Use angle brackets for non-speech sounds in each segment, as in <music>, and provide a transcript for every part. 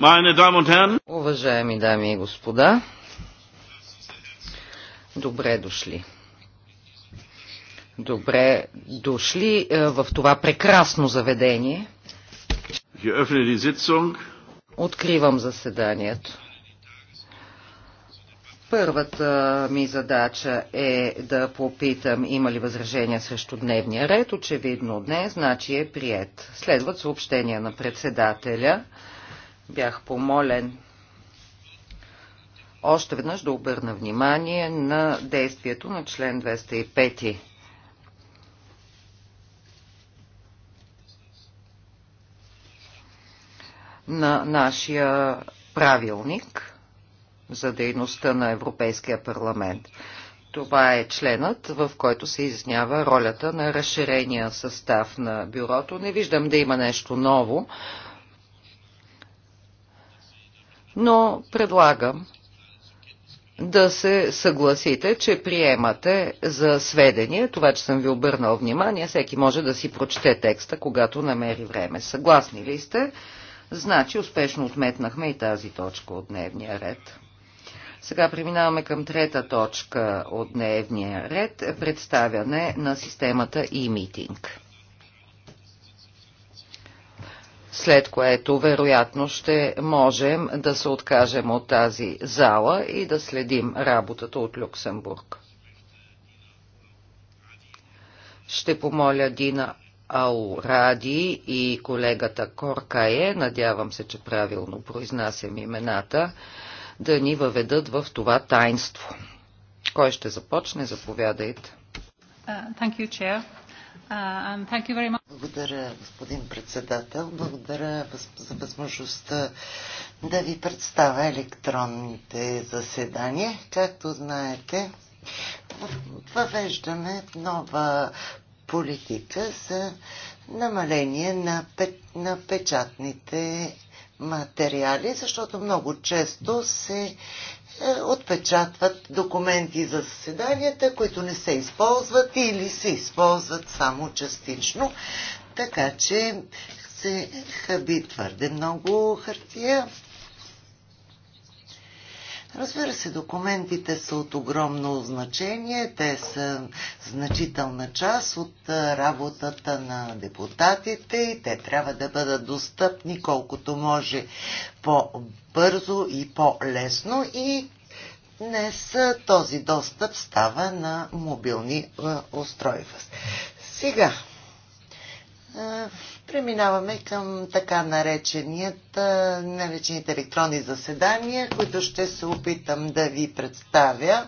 Meine Damen und Herren. Уважаеми дами и господа, добре дошли. Добре дошли е, в това прекрасно заведение. Откривам заседанието. Първата ми задача е да попитам има ли възражения срещу дневния ред. Очевидно днес, значи е прият. Следват съобщения на председателя бях помолен още веднъж да обърна внимание на действието на член 205. на нашия правилник за дейността на Европейския парламент. Това е членът, в който се изяснява ролята на разширения състав на бюрото. Не виждам да има нещо ново но предлагам да се съгласите, че приемате за сведение това, че съм ви обърнал внимание. Всеки може да си прочете текста, когато намери време. Съгласни ли сте? Значи успешно отметнахме и тази точка от дневния ред. Сега преминаваме към трета точка от дневния ред – представяне на системата e-meeting след което вероятно ще можем да се откажем от тази зала и да следим работата от Люксембург. Ще помоля Дина Ауради и колегата Коркае, надявам се, че правилно произнасям имената, да ни въведат в това тайнство. Кой ще започне? Заповядайте. Uh, Uh, Благодаря, господин председател. Благодаря за възможността да ви представя електронните заседания. Както знаете, въвеждаме нова политика за намаление на, пет, на печатните материали, защото много често се е, отпечатват документи за заседанията, които не се използват или се използват само частично. Така че се хаби твърде много хартия Разбира се, документите са от огромно значение. Те са значителна част от работата на депутатите и те трябва да бъдат достъпни колкото може по-бързо и по-лесно и Днес този достъп става на мобилни устройства. Сега, Преминаваме към така нареченият, наречените електронни заседания, които ще се опитам да ви представя.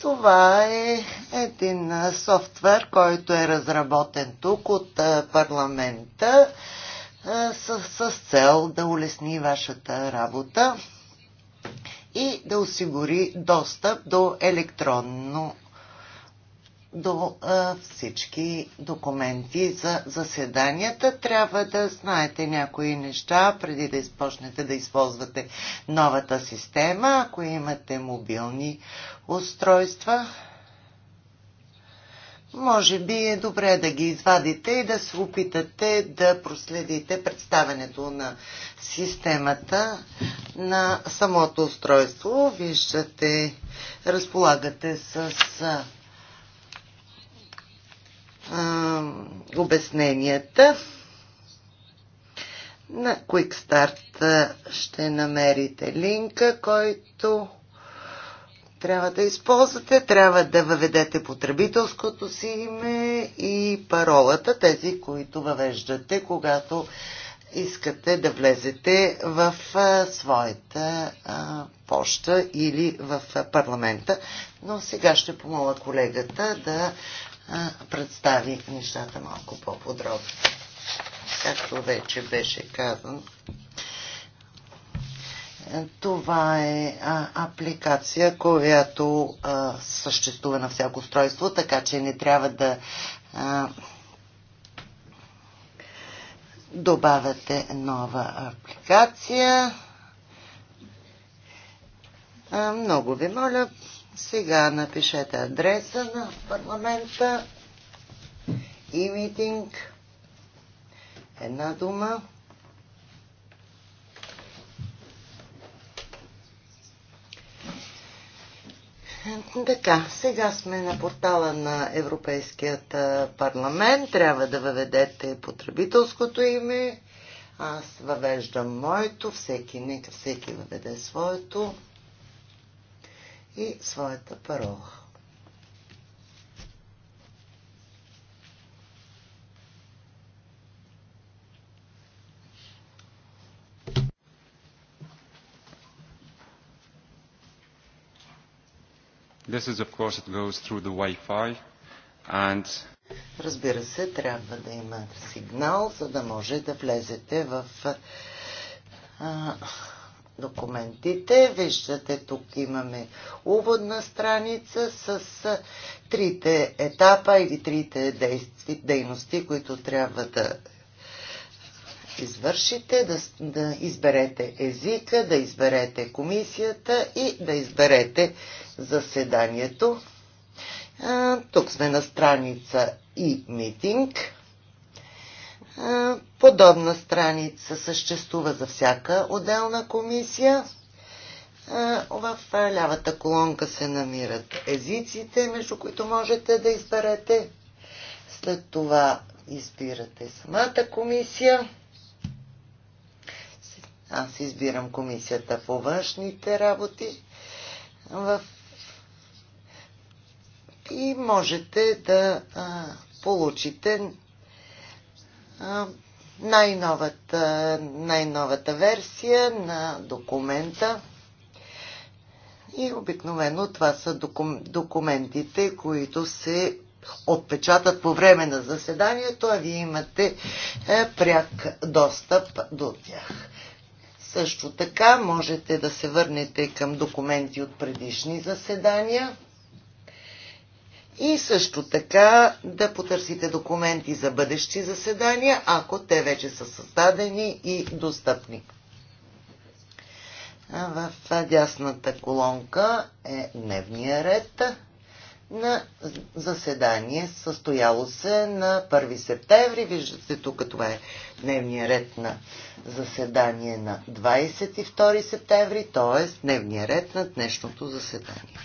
Това е един софтуер, който е разработен тук от парламента с, с цел да улесни вашата работа и да осигури достъп до електронно до а, всички документи за заседанията. Трябва да знаете някои неща преди да изпочнете да използвате новата система, ако имате мобилни устройства. Може би е добре да ги извадите и да се опитате да проследите представенето на системата на самото устройство. Виждате, разполагате с обясненията. На Quick Start ще намерите линка, който трябва да използвате. Трябва да въведете потребителското си име и паролата, тези, които въвеждате, когато искате да влезете в своята поща или в парламента. Но сега ще помоля колегата да представи нещата малко по-подробно. Както вече беше казано, това е а, апликация, която а, съществува на всяко устройство, така че не трябва да а, добавяте нова апликация. А, много ви моля, сега напишете адреса на парламента и митинг. Една дума. Така, сега сме на портала на Европейският парламент. Трябва да въведете потребителското име. Аз въвеждам моето, всеки нека всеки въведе своето и своята парола. This is of course it goes through the Wi-Fi and Разбира се, трябва да има сигнал, за да може да влезете в а, документите. Виждате, тук имаме уводна страница с трите етапа или трите действи, дейности, които трябва да извършите, да, да изберете езика, да изберете комисията и да изберете заседанието. А, тук сме на страница и митинг. Подобна страница съществува за всяка отделна комисия. В лявата колонка се намират езиците, между които можете да изберете. След това избирате самата комисия. Аз избирам комисията по външните работи. И можете да получите най-новата, най-новата версия на документа. И обикновено това са докум, документите, които се отпечатат по време на заседанието, а вие имате е, пряк достъп до тях. Също така можете да се върнете към документи от предишни заседания и също така да потърсите документи за бъдещи заседания, ако те вече са създадени и достъпни. В дясната колонка е дневния ред на заседание, състояло се на 1 септември. Виждате тук, това е дневния ред на заседание на 22 септември, т.е. дневния ред на днешното заседание.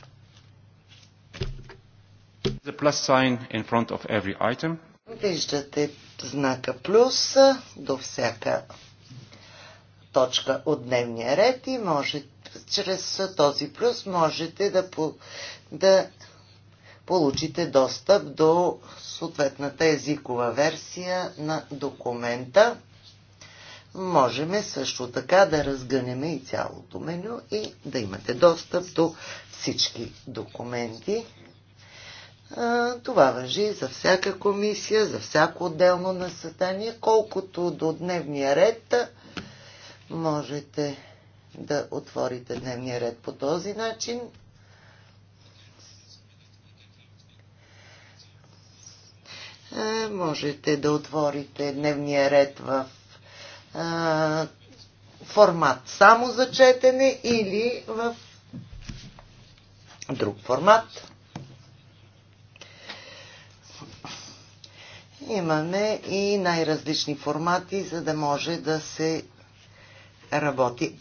The plus sign in front of every item. Виждате знака плюс до всяка точка от дневния ред и може, чрез този плюс можете да, по, да получите достъп до съответната езикова версия на документа. Можеме също така да разгънеме и цялото меню и да имате достъп до всички документи. Това въжи за всяка комисия, за всяко отделно насътание. Колкото до дневния ред, можете да отворите дневния ред по този начин. Е, можете да отворите дневния ред в формат само за четене или в друг формат. Имаме и най-различни формати, за да може да се работи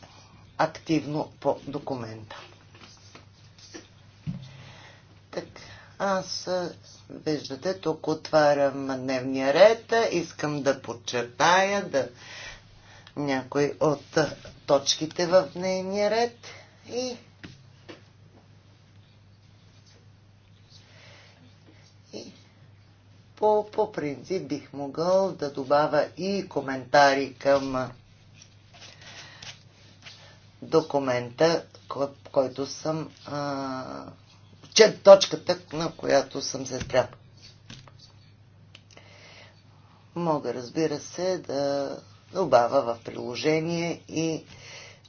активно по документа. Так, аз виждате, тук отварям дневния ред. Искам да подчертая да някои от точките в дневния ред и по, по принцип бих могъл да добавя и коментари към документа, който съм а, че точката, на която съм се спрял. Мога, разбира се, да добавя в приложение и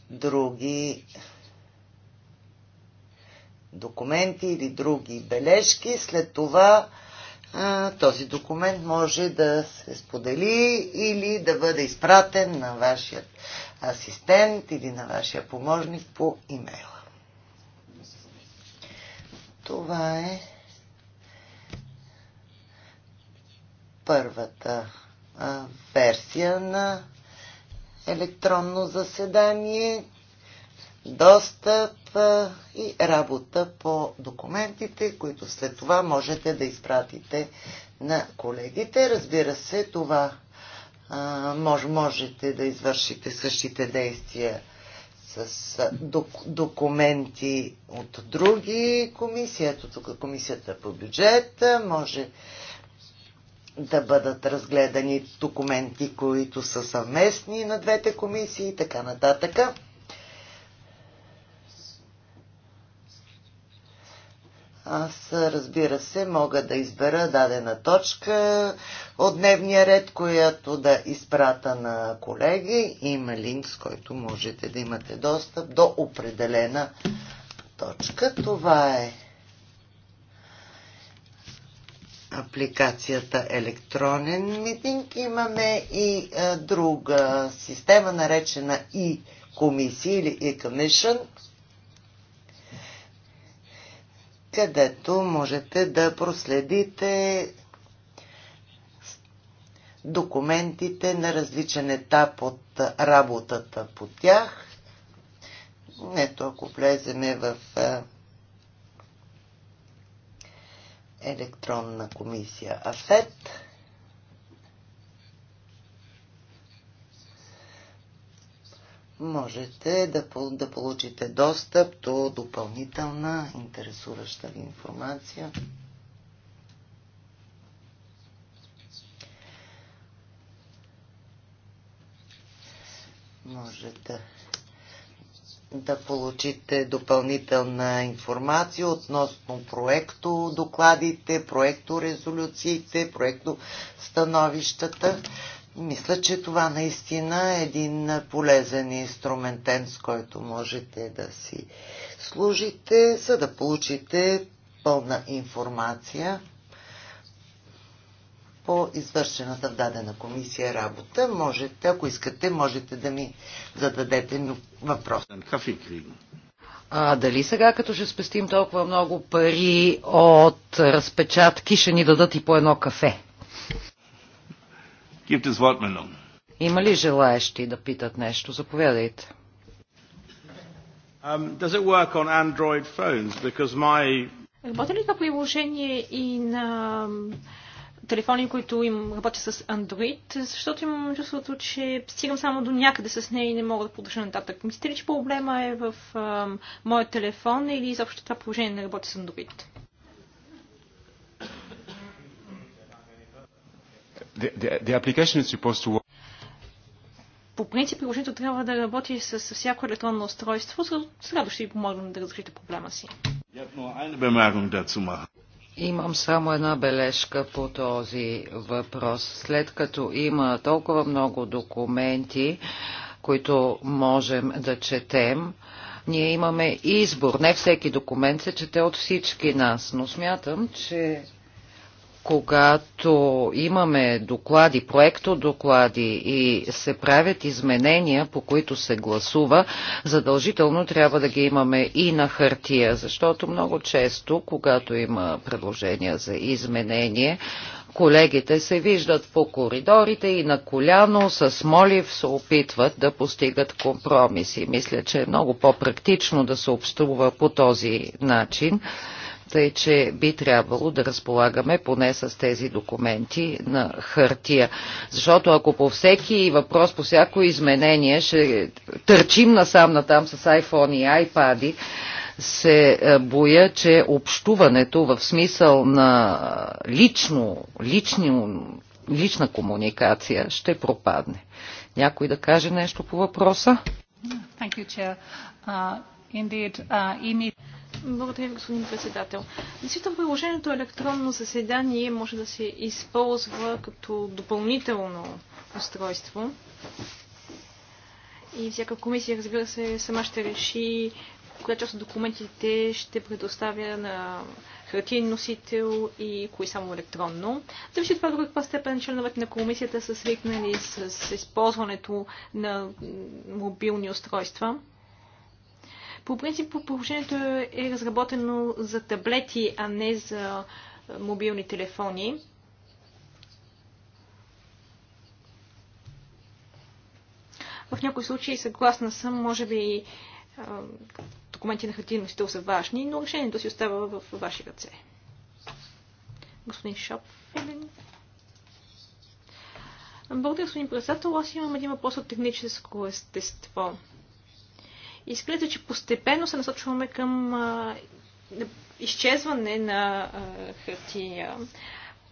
други документи или други бележки. След това този документ може да се сподели или да бъде изпратен на вашия асистент или на вашия помощник по имейла. Това е първата версия на електронно заседание. Достъп и работа по документите, които след това можете да изпратите на колегите. Разбира се, това мож, можете да извършите същите действия с док, документи от други Ето тук комисията по бюджет, може да бъдат разгледани документи, които са съвместни на двете комисии и така нататък. Аз, разбира се, мога да избера дадена точка от дневния ред, която да изпрата на колеги. Има линк, с който можете да имате достъп до определена точка. Това е апликацията електронен митинг. Имаме и друга система, наречена и e комисия или e-commission, където можете да проследите документите на различен етап от работата по тях. Ето, ако влеземе в електронна комисия АФЕТ, можете да, да получите достъп до допълнителна интересуваща ви информация. Можете да получите допълнителна информация относно проекто докладите, проекто резолюциите, проекто становищата. Мисля, че това наистина е един полезен инструментен, с който можете да си служите, за да получите пълна информация по извършената в дадена комисия работа. Можете, ако искате, можете да ми зададете въпрос. А, дали сега, като ще спестим толкова много пари от разпечатки, ще ни дадат и по едно кафе? Gibt es Wortmeldungen? Има ли желаещи да питат нещо? Заповядайте. Um, does it work on Android phones? Because my... Работи ли това приложение и на телефони, които им работя с Android, защото имам чувството, че стигам само до някъде с нея и не мога да продължа нататък. Мислите ли, че проблема е в а, моят телефон или изобщо това положение не работи с Android? the, the, application is supposed to work по принцип приложението трябва да работи с всяко електронно устройство. С радост ще ви помогнем да разрешите проблема си. Имам само една бележка по този въпрос. След като има толкова много документи, които можем да четем, ние имаме избор. Не всеки документ се чете от всички нас, но смятам, че когато имаме доклади, проекто доклади и се правят изменения, по които се гласува, задължително трябва да ги имаме и на хартия, защото много често, когато има предложения за изменение, Колегите се виждат по коридорите и на коляно с молив се опитват да постигат компромиси. Мисля, че е много по-практично да се обструва по този начин тъй, е, че би трябвало да разполагаме поне с тези документи на хартия. Защото ако по всеки въпрос, по всяко изменение ще търчим насам-натам с iPhone и iPad, се е, боя, че общуването в смисъл на е, лично, лично, лична комуникация ще пропадне. Някой да каже нещо по въпроса? Thank you, Chair. Uh, indeed, uh, благодаря, господин председател. Действително, приложението електронно заседание може да се използва като допълнително устройство. И всяка комисия, разбира се, сама ще реши коя част от документите ще предоставя на хартиен носител и кои само електронно. Зависи от това до каква степен членовете на комисията са свикнали с използването на мобилни устройства. По принцип положението е разработено за таблети, а не за мобилни телефони. В някои случаи, съгласна съм, може би документи на хартиен носител са важни, но решението си остава в ваши ръце. Господин Шоп, Благодаря, господин председател. Аз имам един въпрос от техническо естество. Изглежда, че постепенно се насочваме към а, изчезване на а, хартия.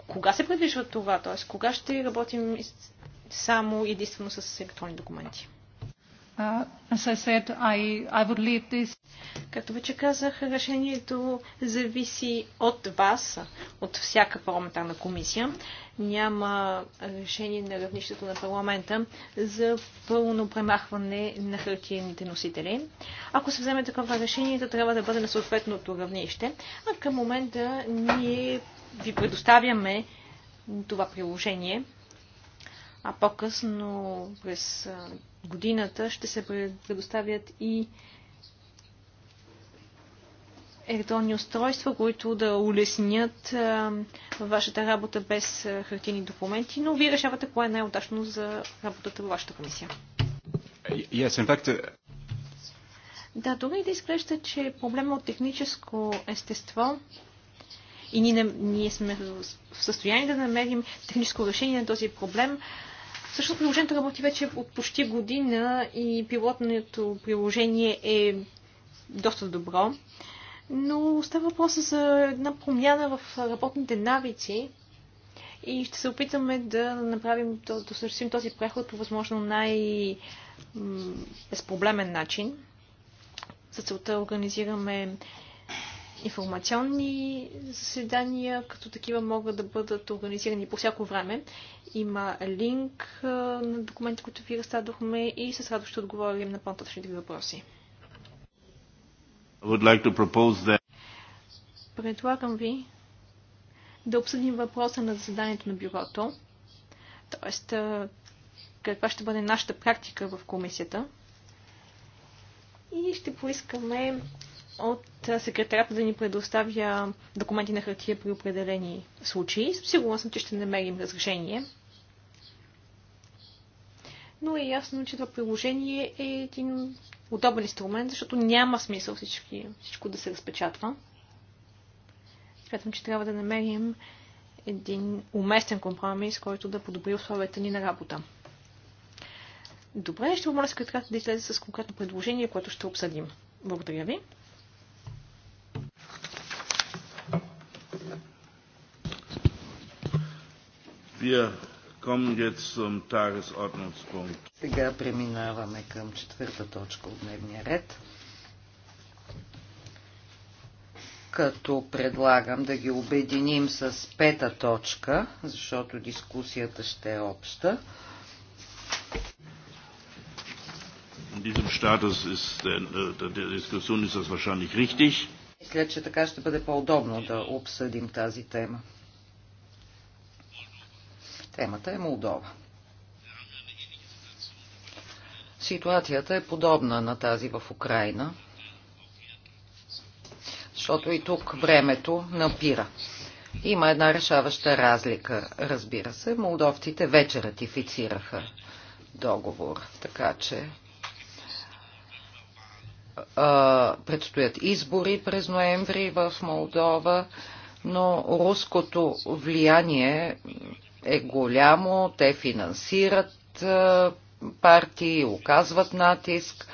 Кога се предвижда това? Т.е. кога ще работим само единствено с електронни документи? Uh, said, I, I Като вече казах, решението зависи от вас, от всяка парламентарна комисия. Няма решение на равнището на парламента за пълно премахване на хартиените носители. Ако се вземе такова решение, то трябва да бъде на съответното равнище. А към момента ние ви предоставяме това приложение. А по-късно през годината ще се предоставят и електронни устройства, които да улеснят а, вашата работа без а, хартини документи, но вие решавате кое е най-удачно за работата във вашата комисия. Yes, in fact... Да, дори да изглежда, че е проблема от техническо естество и ние, ние сме в състояние да намерим техническо решение на този проблем, Всъщност приложението работи вече от почти година и пилотното приложение е доста добро. Но става въпрос за една промяна в работните навици и ще се опитаме да направим, да осъществим този преход по възможно най-безпроблемен начин. За целта организираме информационни заседания, като такива могат да бъдат организирани по всяко време. Има линк на документи, които ви разстадохме и с радост ще отговорим на по-нататъчните ви въпроси. Like that... Предлагам ви да обсъдим въпроса на заседанието на бюрото, т.е. каква ще бъде нашата практика в комисията. И ще поискаме от секретарята да ни предоставя документи на хартия при определени случаи. Сигурна съм, че ще намерим разрешение. Но е ясно, че това приложение е един удобен инструмент, защото няма смисъл всички, всичко да се разпечатва. Смятам, че трябва да намерим един уместен компромис, който да подобри условията ни на работа. Добре, ще помоля секретарята да излезе с конкретно предложение, което ще обсъдим. Благодаря ви. Wir kommen jetzt zum Tagesordnungspunkt. Сега преминаваме към четвърта точка от дневния ред. Като предлагам да ги обединим с пета точка, защото дискусията ще е обща. In diesem Status ist äh, der, der Diskussion ist das wahrscheinlich richtig. Мисля, че така ще бъде по-удобно да обсъдим тази тема. Темата е Молдова. Ситуацията е подобна на тази в Украина, защото и тук времето напира. Има една решаваща разлика, разбира се. Молдовците вече ратифицираха договор, така че а, предстоят избори през ноември в Молдова, но руското влияние е голямо, те финансират партии, оказват натиск,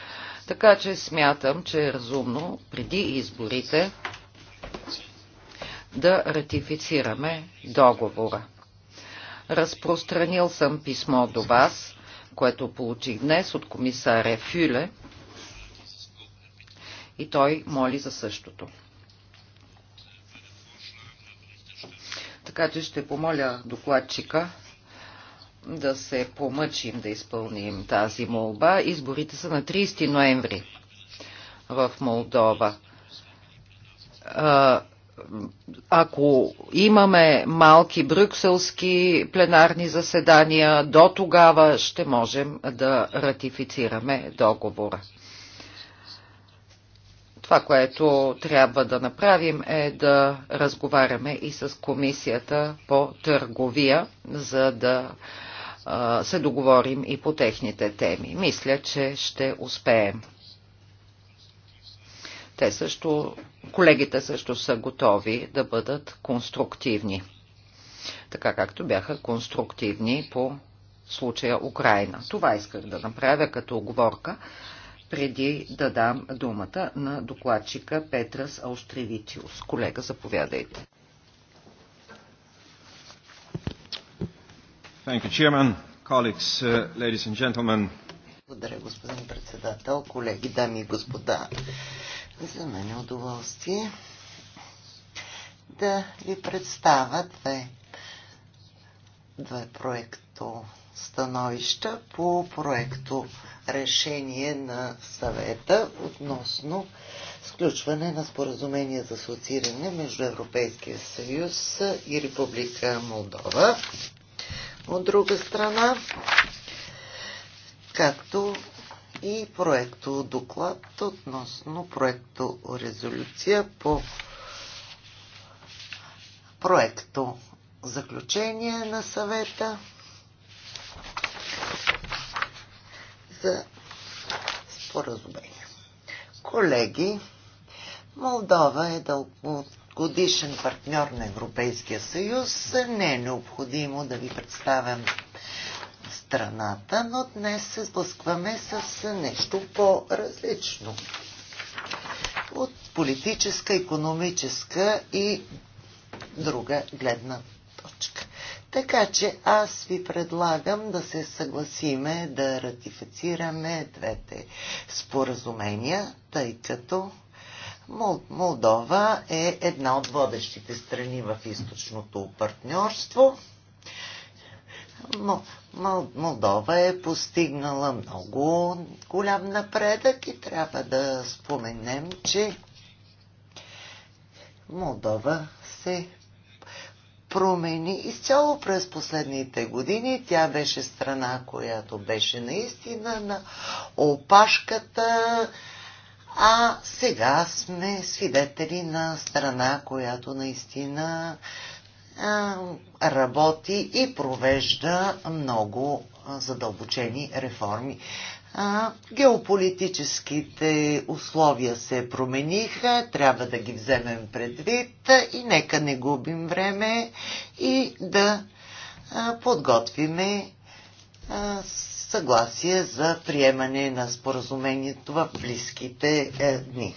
така че смятам, че е разумно преди изборите да ратифицираме договора. Разпространил съм писмо до вас, което получих днес от комисаря Фюле и той моли за същото. Така че ще помоля докладчика да се помъчим да изпълним тази молба. Изборите са на 30 ноември в Молдова. Ако имаме малки брюкселски пленарни заседания, до тогава ще можем да ратифицираме договора. Това, което трябва да направим е да разговаряме и с комисията по търговия, за да се договорим и по техните теми. Мисля, че ще успеем. Те също, колегите също са готови да бъдат конструктивни, така както бяха конструктивни по случая Украина. Това исках да направя като оговорка преди да дам думата на докладчика Петрас Аустревичиус. Колега, заповядайте. Thank you, Chairman. Colleagues, uh, ladies and gentlemen. Благодаря, господин председател, колеги, дами и господа. За мен е удоволствие да ви представя две, две проекто становища по проекто решение на съвета относно сключване на споразумение за асоцииране между Европейския съюз и Република Молдова. От друга страна, както и проекто доклад относно проекто резолюция по проекто заключение на съвета за споразумение. Колеги, Молдова е дългогодишен партньор на Европейския съюз. Не е необходимо да ви представям страната, но днес се сблъскваме с нещо по-различно от политическа, економическа и друга гледна така че аз ви предлагам да се съгласиме да ратифицираме двете споразумения, тъй като Молдова е една от водещите страни в източното партньорство. Молдова е постигнала много голям напредък и трябва да споменем, че Молдова се промени изцяло през последните години. Тя беше страна, която беше наистина на опашката, а сега сме свидетели на страна, която наистина а, работи и провежда много задълбочени реформи. А, геополитическите условия се промениха, трябва да ги вземем предвид и нека не губим време и да а, подготвиме а, съгласие за приемане на споразумението в близките е, дни.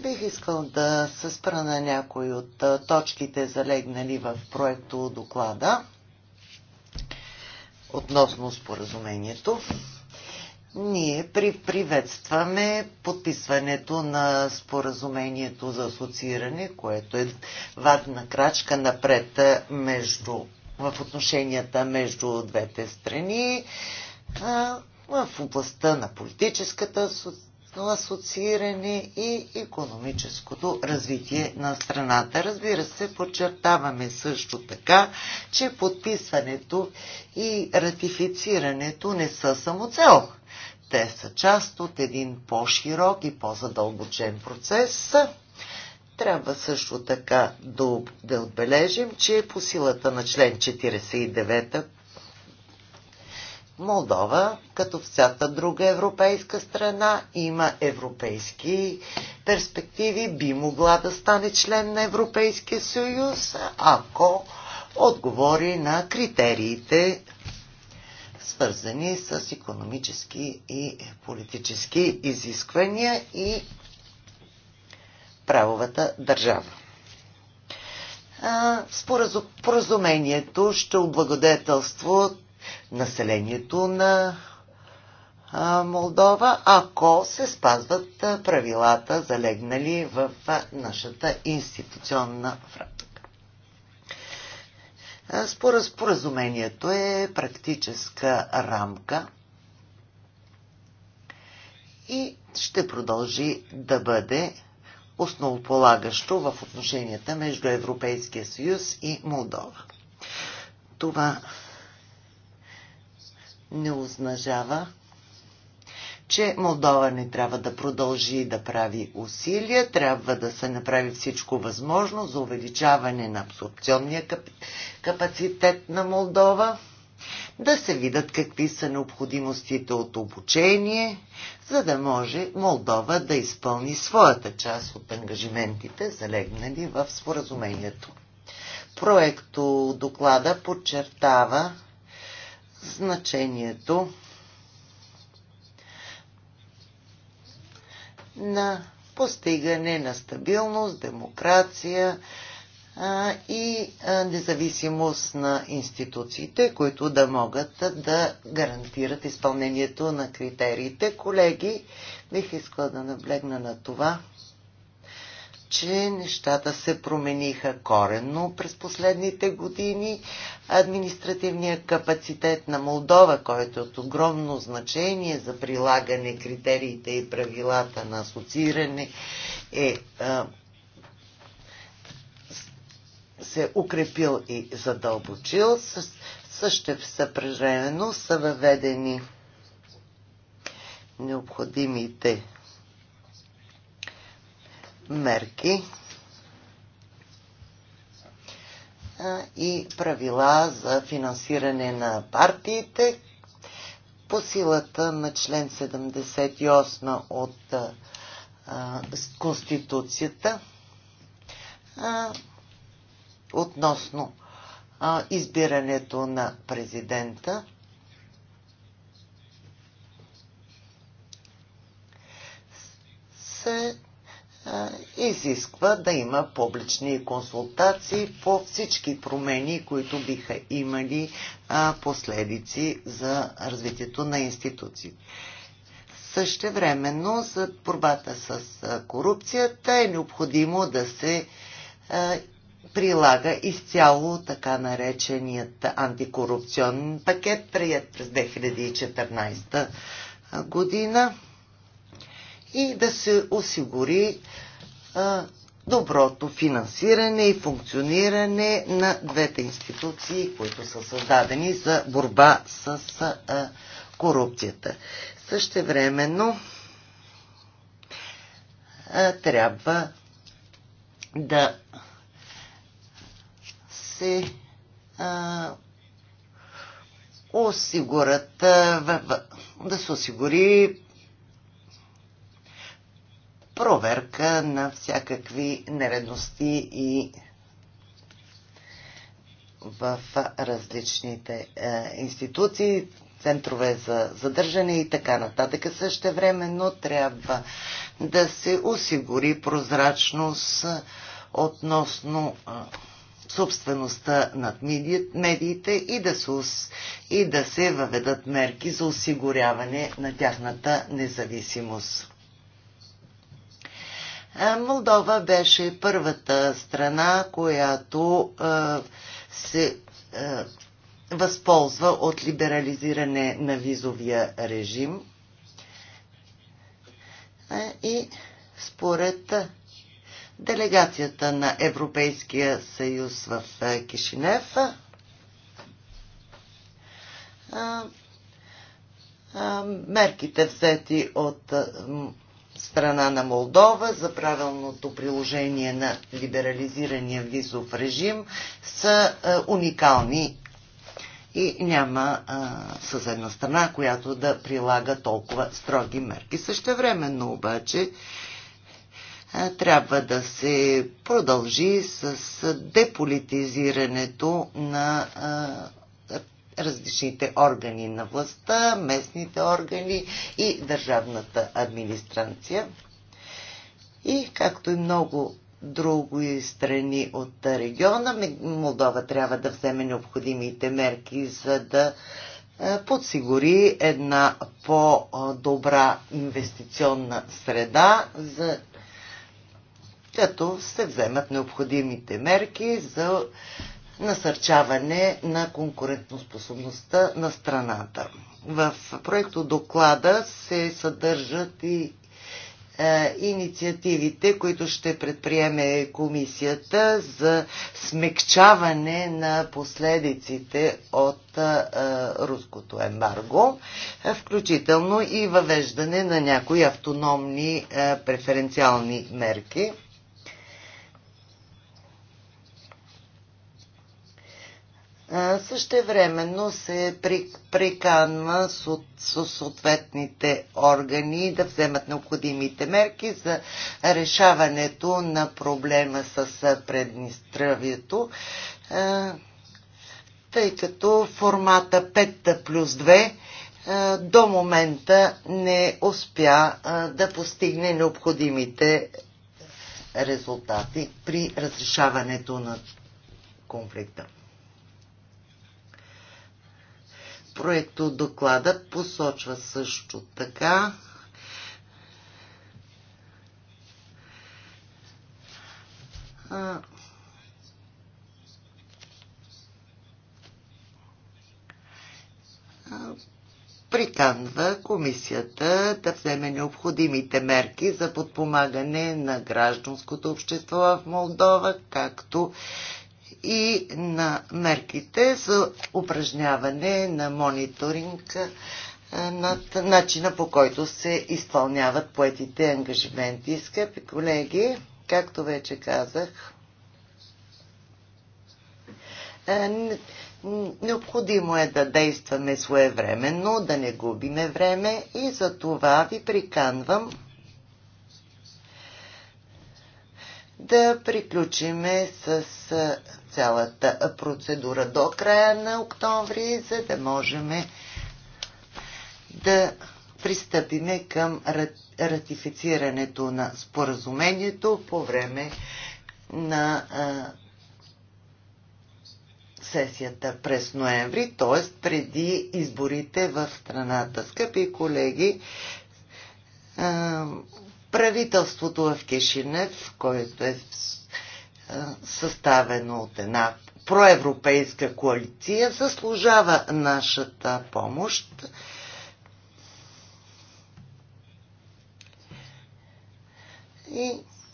Бих искал да се спра на някои от точките, залегнали в проекто доклада относно споразумението. Ние при приветстваме подписването на споразумението за асоцииране, което е вадна крачка напред между, в отношенията между двете страни в областта на политическата асоцииране и економическото развитие на страната. Разбира се, подчертаваме също така, че подписването и ратифицирането не са само цел. Те са част от един по-широк и по-задълбочен процес. Трябва също така да, да отбележим, че по силата на член 49 Молдова, като всяка друга европейска страна, има европейски перспективи, би могла да стане член на Европейския съюз, ако отговори на критериите, свързани с економически и политически изисквания и правовата държава. Споразумението ще облагодетелстват населението на Молдова, ако се спазват правилата, залегнали в нашата институционна Според Споразумението е практическа рамка и ще продължи да бъде основополагащо в отношенията между Европейския съюз и Молдова. Това не означава, че Молдова не трябва да продължи да прави усилия, трябва да се направи всичко възможно за увеличаване на абсорбционния капацитет на Молдова, да се видят какви са необходимостите от обучение, за да може Молдова да изпълни своята част от ангажиментите, залегнали в споразумението. Проекто доклада подчертава значението на постигане на стабилност, демокрация и независимост на институциите, които да могат да гарантират изпълнението на критериите. Колеги, бих искала да наблегна на това, че нещата се промениха коренно през последните години. Административният капацитет на Молдова, който е от огромно значение за прилагане критериите и правилата на асоцииране, е, а, се укрепил и задълбочил. Също съпрежено са въведени необходимите мерки и правила за финансиране на партиите по силата на член 78 от Конституцията относно избирането на президента. се изисква да има публични консултации по всички промени, които биха имали последици за развитието на институции. Същевременно за борбата с корупцията е необходимо да се прилага изцяло така нареченият антикорупционен пакет, прият през 2014 година и да се осигури а, доброто финансиране и функциониране на двете институции, които са създадени за борба с а, корупцията. Също времено трябва да се а, осигурят, в, в, да се осигури проверка на всякакви нередности и в различните е, институции, центрове за задържане и така нататък. Също време, но трябва да се осигури прозрачност относно е, собствеността над медиите и да, се, и да се въведат мерки за осигуряване на тяхната независимост. Е, Молдова беше първата страна, която е, се е, възползва от либерализиране на визовия режим. И според делегацията на Европейския съюз в Кишинев, мерките взети от страна на Молдова за правилното приложение на либерализирания визов режим са е, уникални и няма а, е, съседна страна, която да прилага толкова строги мерки. Същевременно обаче а, е, трябва да се продължи с деполитизирането на а, различните органи на властта, местните органи и държавната администрация. И както и много други страни от региона, Молдова трябва да вземе необходимите мерки, за да е, подсигури една по-добра инвестиционна среда, за като се вземат необходимите мерки за насърчаване на конкурентоспособността на страната. В проекто доклада се съдържат и е, инициативите, които ще предприеме комисията за смекчаване на последиците от е, руското ембарго, е, включително и въвеждане на някои автономни преференциални мерки. Същевременно се приканва с съответните органи да вземат необходимите мерки за решаването на проблема с преднистравието, тъй като формата 5 плюс 2 до момента не успя да постигне необходимите резултати при разрешаването на конфликта. проекто докладът посочва също така приканва комисията да вземе необходимите мерки за подпомагане на гражданското общество в Молдова, както и на мерките за упражняване на мониторинг е, над начина по който се изпълняват поетите ангажименти. Скъпи колеги, както вече казах, е, Необходимо е да действаме своевременно, да не губиме време и за това ви приканвам да приключиме с цялата процедура до края на октомври, за да можем да пристъпиме към ратифицирането на споразумението по време на сесията през ноември, т.е. преди изборите в страната. Скъпи колеги, правителството в Кишинев, което е съставено от една проевропейска коалиция, заслужава нашата помощ. И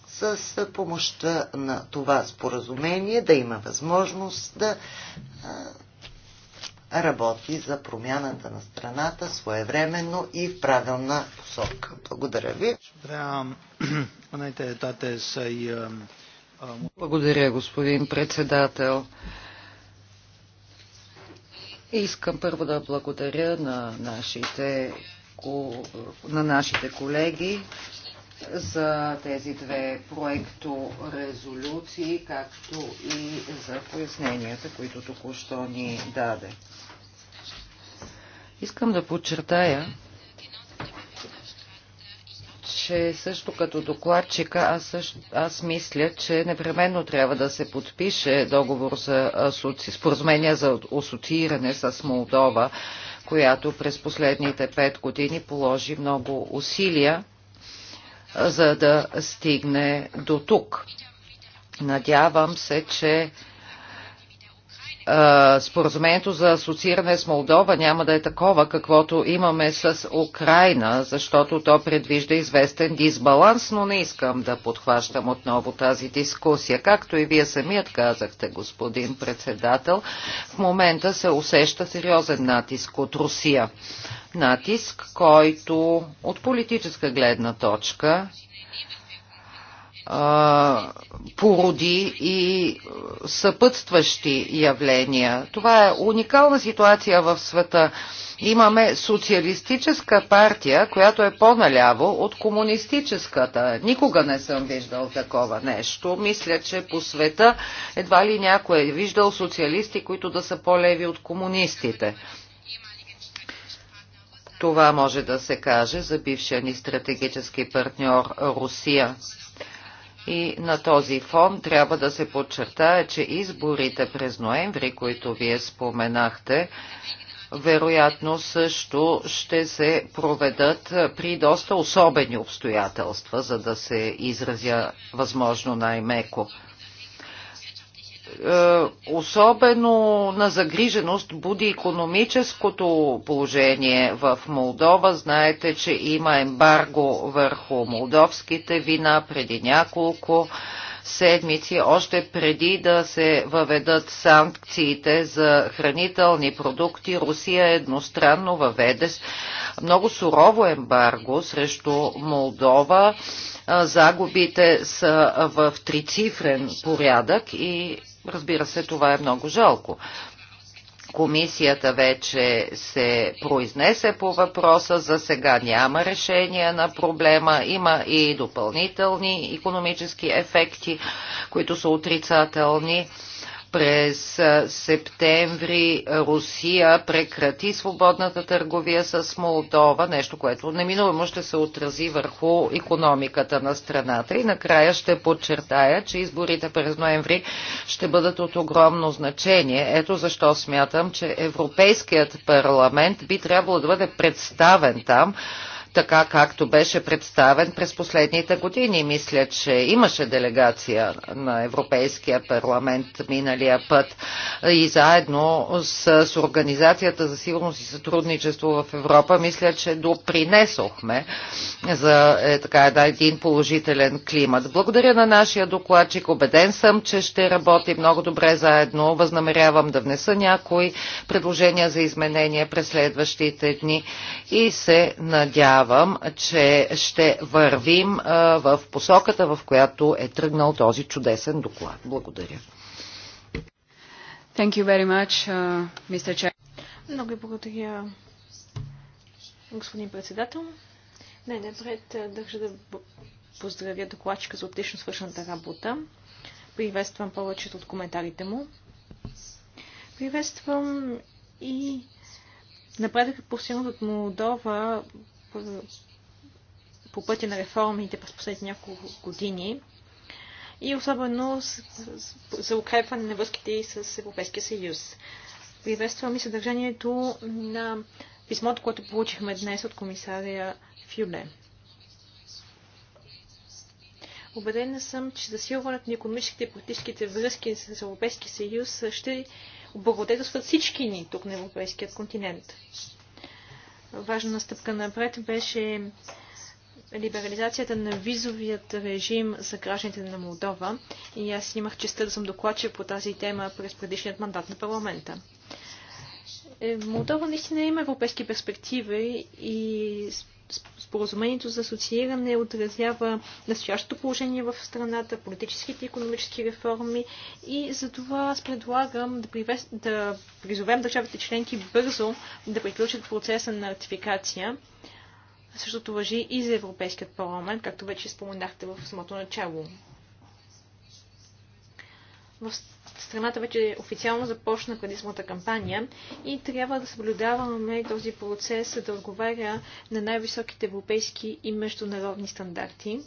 с помощта на това споразумение да има възможност да работи за промяната на страната своевременно и в правилна посока. Благодаря ви. Благодаря, господин председател. Искам първо да благодаря на нашите, на нашите колеги, за тези две проекто резолюции, както и за поясненията, които току-що ни даде. Искам да подчертая, че също като докладчика аз, също, аз мисля, че непременно трябва да се подпише договор за асоци... споразумение за асоцииране с Молдова, която през последните пет години положи много усилия за да стигне до тук. Надявам се, че споразумението за асоцииране с Молдова няма да е такова, каквото имаме с Украина, защото то предвижда известен дисбаланс, но не искам да подхващам отново тази дискусия. Както и вие самият казахте, господин председател, в момента се усеща сериозен натиск от Русия. Натиск, който от политическа гледна точка породи и съпътстващи явления. Това е уникална ситуация в света. Имаме социалистическа партия, която е по-наляво от комунистическата. Никога не съм виждал такова нещо. Мисля, че по света едва ли някой е виждал социалисти, които да са по-леви от комунистите. Това може да се каже за бившия ни стратегически партньор Русия. И на този фон трябва да се подчертая, че изборите през ноември, които вие споменахте, вероятно също ще се проведат при доста особени обстоятелства, за да се изразя възможно най-меко. Е, особено на загриженост буди економическото положение в Молдова. Знаете, че има ембарго върху молдовските вина преди няколко седмици, още преди да се въведат санкциите за хранителни продукти, Русия едностранно въведе много сурово ембарго срещу Молдова. Е, загубите са в трицифрен порядък и Разбира се, това е много жалко. Комисията вече се произнесе по въпроса, за сега няма решение на проблема, има и допълнителни економически ефекти, които са отрицателни. През септември Русия прекрати свободната търговия с Молдова, нещо, което неминуемо ще се отрази върху економиката на страната. И накрая ще подчертая, че изборите през ноември ще бъдат от огромно значение. Ето защо смятам, че Европейският парламент би трябвало да бъде представен там, така както беше представен през последните години. Мисля, че имаше делегация на Европейския парламент миналия път и заедно с Организацията за сигурност и сътрудничество в Европа, мисля, че допринесохме за е, така, да, един положителен климат. Благодаря на нашия докладчик. Обеден съм, че ще работи много добре заедно. Възнамерявам да внеса някои предложения за изменения през следващите дни и се надявам надявам, че ще вървим в посоката, в която е тръгнал този чудесен доклад. Благодаря. Thank you very much, uh, Mr. Chair. Много ви благодаря, господин председател. Не, напред държа да поздравя докладчика за отлично свършената работа. Приветствам повечето от коментарите му. Приветствам и напредъкът постигнат от Молдова по пътя на реформите през последните няколко години и особено за укрепване на връзките и с Европейския съюз. Приветствам и съдържанието на писмото, което получихме днес от комисария Фюле. Обедена съм, че засилването на економическите и политическите връзки с Европейския съюз ще облагодетелстват всички ни тук на Европейският континент важна стъпка напред беше либерализацията на визовият режим за гражданите на Молдова и аз имах честа да съм докладчик по тази тема през предишният мандат на парламента. Е, Молдова наистина има европейски перспективи и Споразумението за асоцииране отразява настоящото положение в страната, политическите и економически реформи и за това аз предлагам да, привез... да призовем държавите членки бързо да приключат процеса на ратификация. Същото въжи и за Европейският парламент, както вече споменахте в самото начало в страната вече официално започна предизборната кампания и трябва да съблюдаваме този процес да отговаря на най-високите европейски и международни стандарти.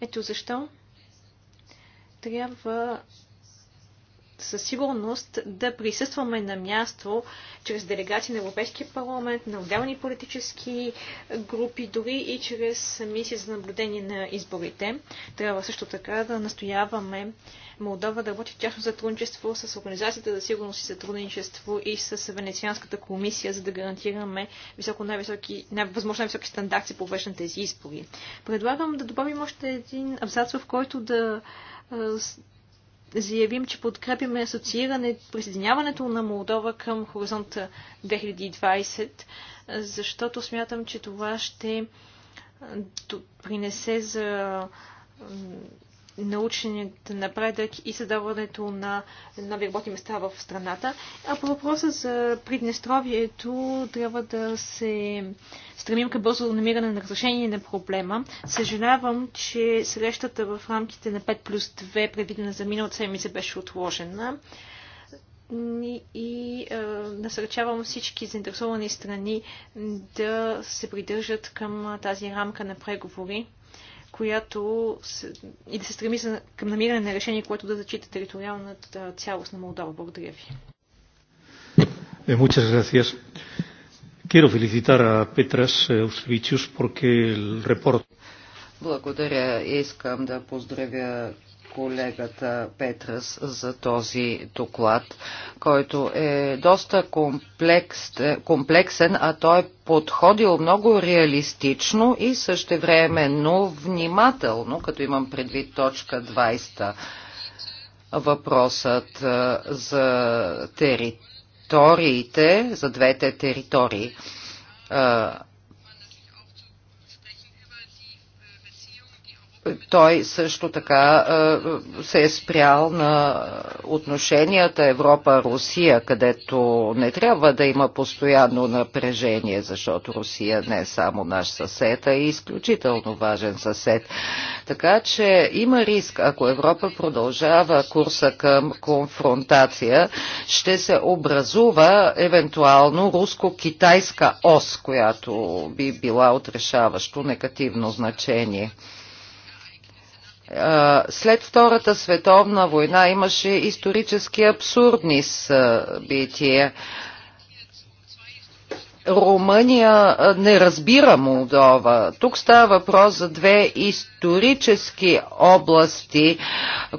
Ето защо трябва със сигурност да присъстваме на място чрез делегации на Европейския парламент, на отделни политически групи, дори и чрез мисия за наблюдение на изборите. Трябва също така да настояваме Молдова да работи в тяхно сътрудничество с Организацията за сигурност и сътрудничество и с Венецианската комисия, за да гарантираме високо, най-високи, най възможно най-високи стандарти по на тези избори. Предлагам да добавим още един абзац, в който да заявим, че подкрепяме асоцииране, присъединяването на Молдова към Хоризонт 2020, защото смятам, че това ще принесе за научният напредък и създаването на нови работни места в страната. А по въпроса за Приднестровието трябва да се стремим към бързо намиране на разрешение на проблема. Съжалявам, че срещата в рамките на 5 плюс 2, предвидена за миналата седмица, беше отложена и е, насърчавам всички заинтересовани страни да се придържат към тази рамка на преговори която се, и да се стреми за, към намиране на решение, което да зачита териториалната цялост на Молдова. Благодаря ви. Е, muchas gracias. Quiero felicitar a Petras Austrivichus porque el report... Благодаря. Искам да поздравя колегата Петрас за този доклад, който е доста комплекс, е, комплексен, а той е подходил много реалистично и същевременно внимателно, като имам предвид точка 20 въпросът е, за териториите, за двете територии е, той също така е, се е спрял на отношенията Европа-Русия, където не трябва да има постоянно напрежение, защото Русия не е само наш съсед, а е изключително важен съсед. Така че има риск, ако Европа продължава курса към конфронтация, ще се образува евентуално руско-китайска ос, която би била отрешаващо негативно значение. Е, след Втората световна война имаше исторически абсурдни събития. Румъния е, не разбира Молдова. Тук става въпрос за две исторически области,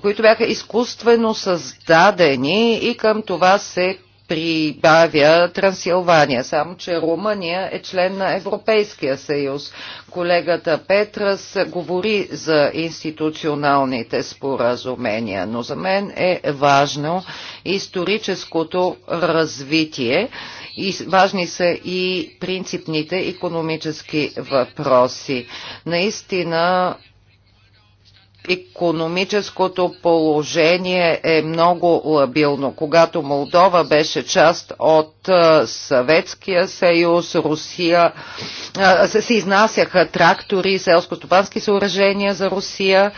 които бяха изкуствено създадени и към това се прибавя Трансилвания, само че Румъния е член на Европейския съюз. Колегата Петрас говори за институционалните споразумения, но за мен е важно историческото развитие и важни са и принципните економически въпроси. Наистина економическото положение е много лабилно. Когато Молдова беше част от Съветския съюз, Русия, се изнасяха трактори, селско-стопански съоръжения за Русия.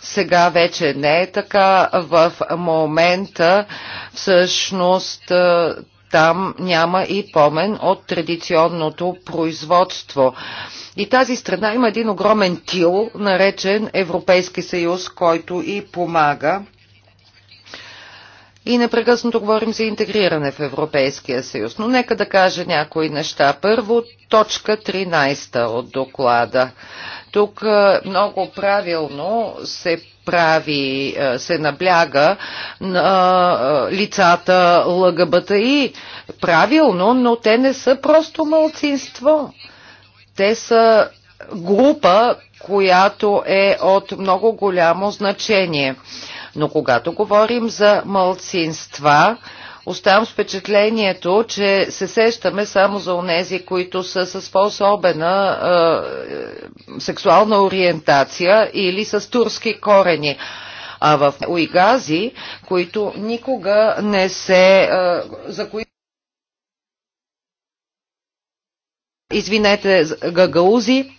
Сега вече не е така. В момента всъщност там няма и помен от традиционното производство. И тази страна има един огромен тил, наречен Европейски съюз, който и помага. И непрекъснато говорим за интегриране в Европейския съюз. Но нека да кажа някои неща. Първо, точка 13 от доклада. Тук много правилно се прави, се набляга на лицата и Правилно, но те не са просто малцинство. Те са група, която е от много голямо значение. Но когато говорим за малцинства, оставам с впечатлението, че се сещаме само за онези, които са с по-особена е, сексуална ориентация или с турски корени. А в Уигази, които никога не се... Е, за кои... Извинете, гагаузи,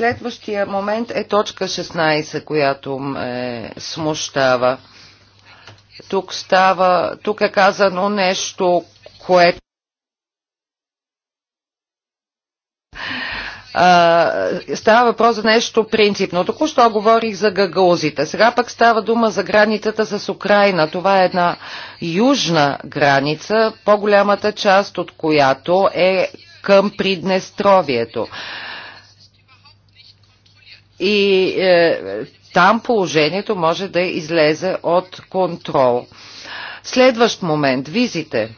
Следващия момент е точка 16, която ме смущава. Тук, става, тук е казано нещо, което а, става въпрос за нещо принципно. Току-що говорих за гагаузите. Сега пък става дума за границата с Украина. Това е една южна граница, по-голямата част от която е към Приднестровието и е, там положението може да излезе от контрол. Следващ момент – визите.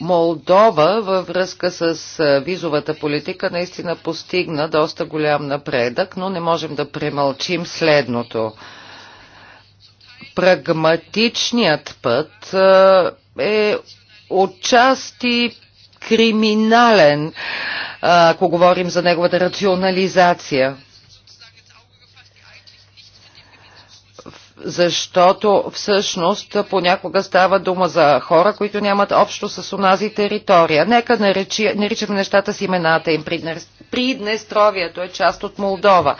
Молдова във връзка с е, визовата политика наистина постигна доста голям напредък, но не можем да премълчим следното. Прагматичният път е отчасти криминален, ако говорим за неговата рационализация. защото всъщност понякога става дума за хора, които нямат общо с онази територия. Нека наречи, наричаме нещата с имената им. Приднестровието е част от Молдова.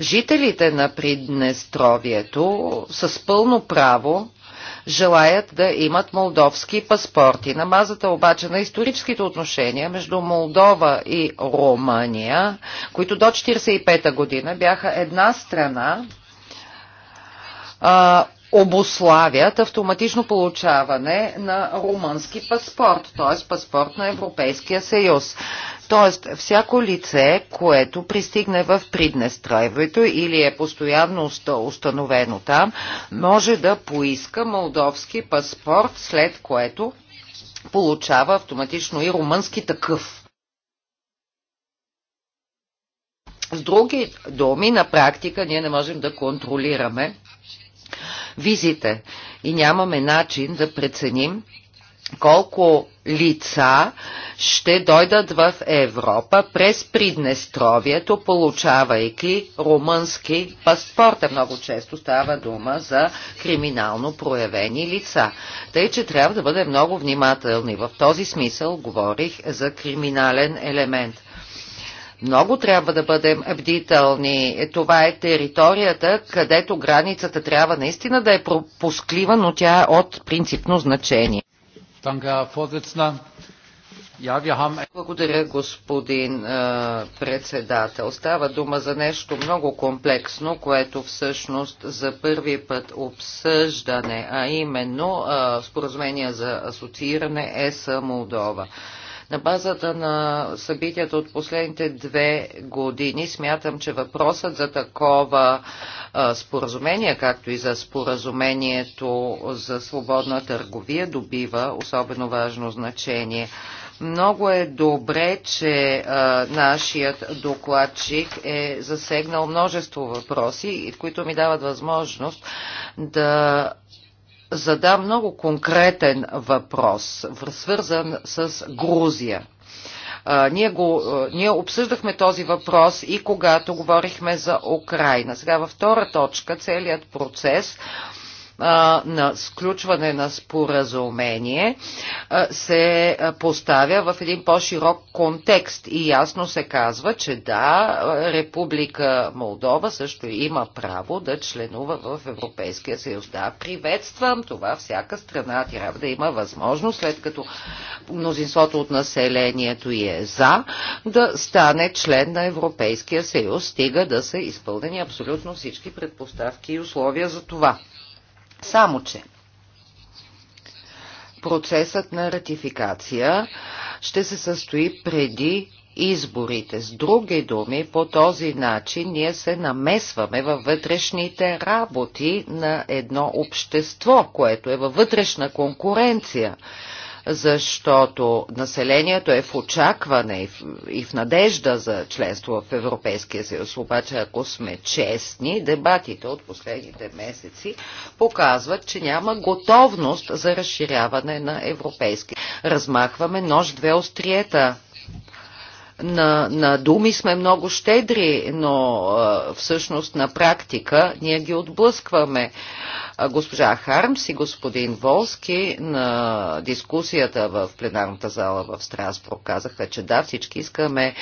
Жителите на Приднестровието с пълно право желаят да имат молдовски паспорти. На базата обаче на историческите отношения между Молдова и Румъния, които до 1945 година бяха една страна, обославят автоматично получаване на румънски паспорт, т.е. паспорт на Европейския съюз. Т.е. всяко лице, което пристигне в Приднестройвето или е постоянно установено там, може да поиска молдовски паспорт, след което получава автоматично и румънски такъв. С други думи, на практика ние не можем да контролираме визите и нямаме начин да преценим колко лица ще дойдат в Европа през Приднестровието, получавайки румънски паспорта. Много често става дума за криминално проявени лица. Тъй, че трябва да бъдем много внимателни. В този смисъл говорих за криминален елемент. Много трябва да бъдем бдителни. Това е територията, където границата трябва наистина да е пропусклива, но тя е от принципно значение. Благодаря, господин председател. Става дума за нещо много комплексно, което всъщност за първи път обсъждане, а именно споразумение за асоцииране е Молдова. На базата на събитията от последните две години смятам, че въпросът за такова споразумение, както и за споразумението за свободна търговия, добива особено важно значение. Много е добре, че а, нашият докладчик е засегнал множество въпроси, които ми дават възможност да задам много конкретен въпрос, свързан с Грузия. А, ние, го, а, ние обсъждахме този въпрос и когато говорихме за Украина. Сега във втора точка целият процес а, на сключване на споразумение а, се поставя в един по-широк контекст и ясно се казва, че да, Република Молдова също има право да членува в Европейския съюз. Да, приветствам това. Всяка страна трябва да има възможност, след като мнозинството от населението е за, да стане член на Европейския съюз, стига да са изпълнени абсолютно всички предпоставки и условия за това. Само, че процесът на ратификация ще се състои преди изборите. С други думи, по този начин ние се намесваме във вътрешните работи на едно общество, което е във вътрешна конкуренция защото населението е в очакване и в надежда за членство в Европейския съюз. Обаче, ако сме честни, дебатите от последните месеци показват, че няма готовност за разширяване на европейски. Размахваме нож две остриета на, на думи сме много щедри, но всъщност на практика ние ги отблъскваме. госпожа Хармс и господин Волски на дискусията в пленарната зала в Страсбург казаха, че да, всички искаме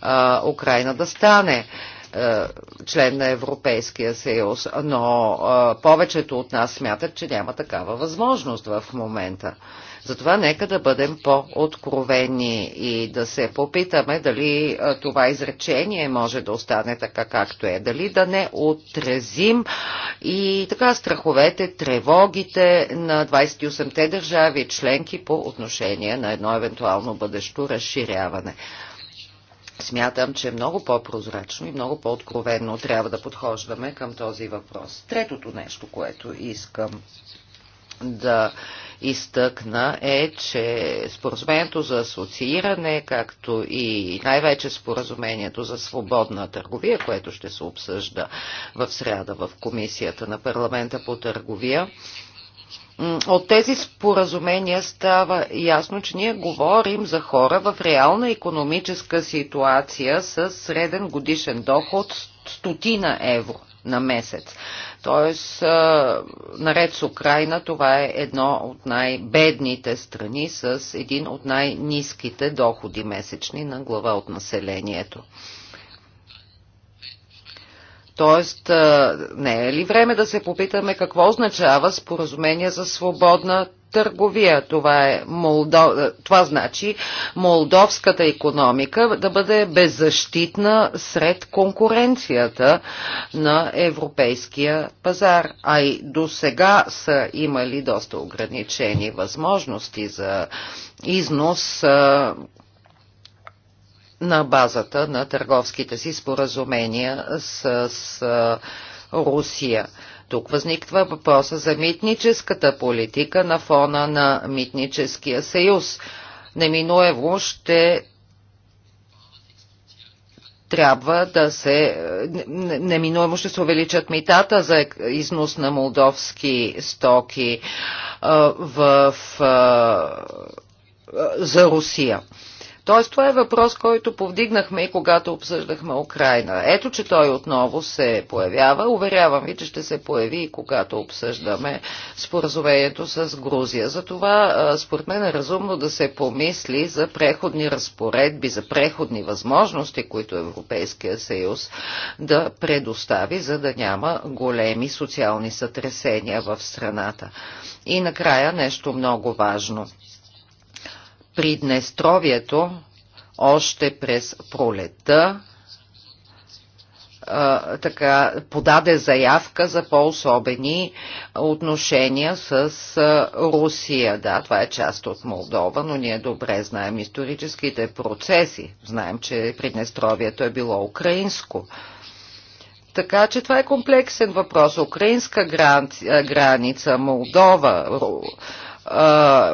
а, Украина да стане член на Европейския съюз, но повечето от нас смятат, че няма такава възможност в момента. Затова нека да бъдем по-откровени и да се попитаме дали това изречение може да остане така както е, дали да не отразим и така страховете, тревогите на 28-те държави членки по отношение на едно евентуално бъдещо разширяване смятам, че много по-прозрачно и много по-откровенно трябва да подхождаме към този въпрос. Третото нещо, което искам да изтъкна е, че споразумението за асоцииране, както и най-вече споразумението за свободна търговия, което ще се обсъжда в среда в Комисията на парламента по търговия, от тези споразумения става ясно, че ние говорим за хора в реална економическа ситуация с среден годишен доход стотина евро на месец. Тоест, наред с Украина, това е едно от най-бедните страни с един от най-низките доходи месечни на глава от населението. Тоест, не е ли време да се попитаме какво означава споразумение за свободна търговия? Това, е Молдов... Това значи молдовската економика да бъде беззащитна сред конкуренцията на европейския пазар. А и до сега са имали доста ограничени възможности за износ на базата на търговските си споразумения с, с Русия. Тук възниква въпроса за митническата политика на фона на митническия съюз. Неминуево ще трябва да се, неминуемо ще се увеличат митата за износ на молдовски стоки в, за Русия. Тоест, това е въпрос, който повдигнахме и когато обсъждахме Украина. Ето, че той отново се появява. Уверявам ви, че ще се появи и когато обсъждаме споразумението с Грузия. Затова, според мен е разумно да се помисли за преходни разпоредби, за преходни възможности, които Европейския съюз да предостави, за да няма големи социални сътресения в страната. И накрая нещо много важно – при Днестровието още през пролета така, подаде заявка за по-особени отношения с Русия. Да, това е част от Молдова, но ние добре знаем историческите процеси. Знаем, че Приднестровието е било украинско. Така че това е комплексен въпрос. Украинска граница, Молдова,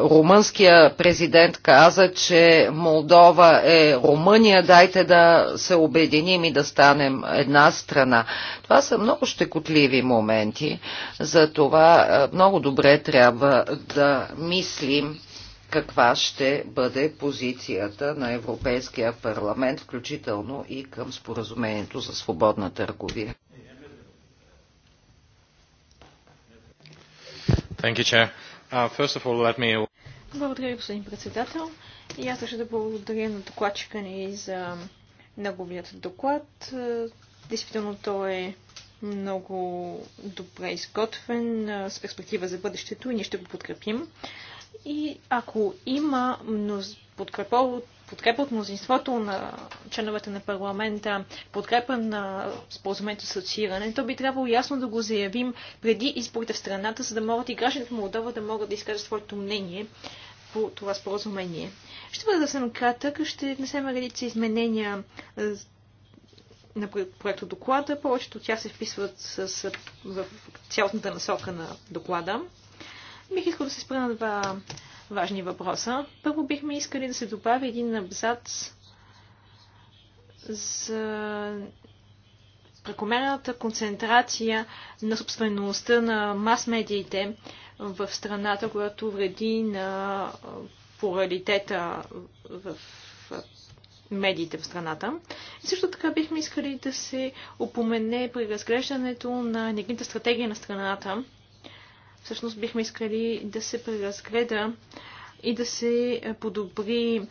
румънския президент каза, че Молдова е Румъния, дайте да се обединим и да станем една страна. Това са много щекотливи моменти, за това много добре трябва да мислим каква ще бъде позицията на Европейския парламент, включително и към споразумението за свободна търговия. Thank you, Chair. Uh, all, me... Благодаря, господин председател. И аз ще да благодаря на докладчика ни за неговият доклад. Действително той е много добре изготвен с перспектива за бъдещето и ние ще го подкрепим. И ако има подкрепа от подкрепа от мнозинството на членовете на парламента, подкрепа на споразумението с асоцииране, то би трябвало ясно да го заявим преди изборите в страната, за да могат и гражданите на Молдова да могат да изкажат своето мнение по това споразумение. Ще бъда да съм кратък, ще внесем редица изменения на проекта доклада. Повечето от тях се вписват с, с, в цялостната насока на доклада. Бих искал да се спра на два важни въпроса. Първо бихме искали да се добави един абзац за прекомерната концентрация на собствеността на мас-медиите в страната, която вреди на поралитета в медиите в страната. И също така бихме искали да се опомене при разглеждането на енергийната стратегия на страната, всъщност бихме искали да се преразгледа и да се подобри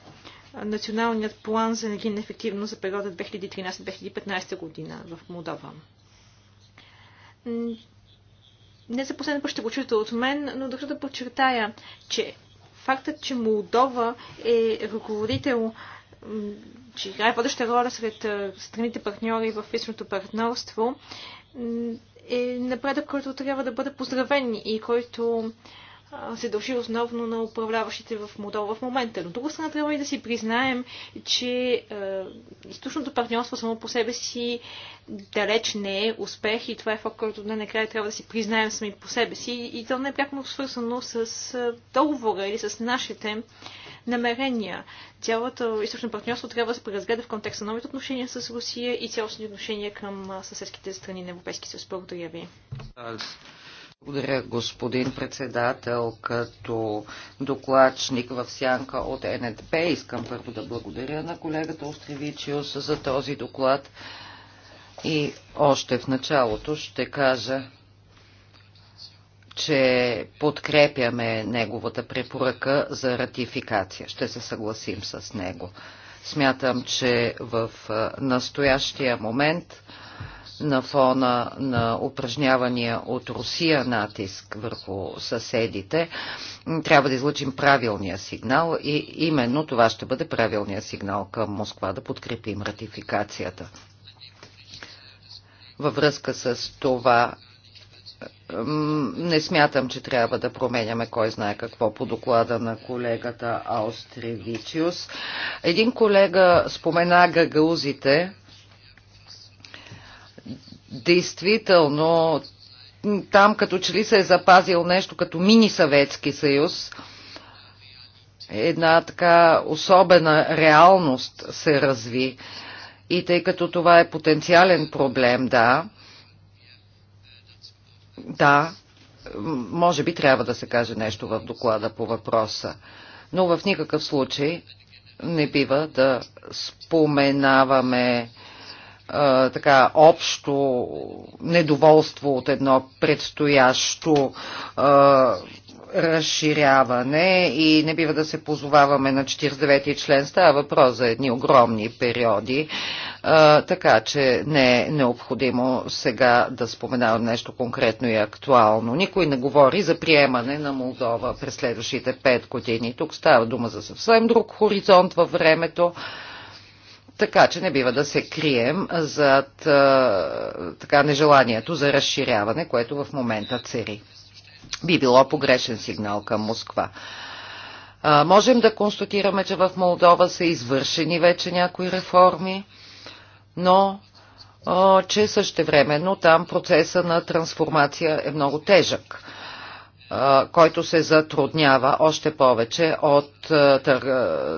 националният план за енергийна ефективност за периода 2013-2015 година в Молдова. Не за последно път ще го чуете от мен, но държа да подчертая, че фактът, че Молдова е ръководител, че играе водеща роля сред страните партньори в източното партньорство, е напредък, който трябва да бъде поздравен и който се дължи основно на управляващите в модел в момента. Но друга страна трябва и да си признаем, че е, източното партньорство само по себе си далеч не е успех и това е факт, който на накрая трябва да си признаем сами по себе си и то не е пряко свързано с договора или с нашите намерения. Цялата източно партньорство трябва да се преразгледа в контекста на новите отношения с Русия и цялостни отношения към съседските страни на Европейския съюз. Благодаря ви. Благодаря, господин председател. Като докладчник в сянка от НДП, искам първо да благодаря на колегата Остревичиус за този доклад. И още в началото ще кажа, че подкрепяме неговата препоръка за ратификация. Ще се съгласим с него. Смятам, че в настоящия момент на фона на упражнявания от Русия натиск върху съседите, трябва да излучим правилния сигнал и именно това ще бъде правилния сигнал към Москва да подкрепим ратификацията. Във връзка с това не смятам, че трябва да променяме кой знае какво по доклада на колегата Аустревичиус. Един колега спомена гагаузите. Действително, там като че ли се е запазил нещо като мини-съветски съюз, една така особена реалност се разви. И тъй като това е потенциален проблем, да, да, може би трябва да се каже нещо в доклада по въпроса, но в никакъв случай не бива да споменаваме а, така общо недоволство от едно предстоящо а, разширяване и не бива да се позоваваме на 49-ти член. Става въпрос за едни огромни периоди, а, така че не е необходимо сега да споменавам нещо конкретно и актуално. Никой не говори за приемане на Молдова през следващите 5 години. Тук става дума за съвсем друг хоризонт във времето. Така че не бива да се крием зад така, нежеланието за разширяване, което в момента цери би било погрешен сигнал към Москва. А, можем да констатираме, че в Молдова са извършени вече някои реформи, но а, че същевременно там процеса на трансформация е много тежък който се затруднява още повече от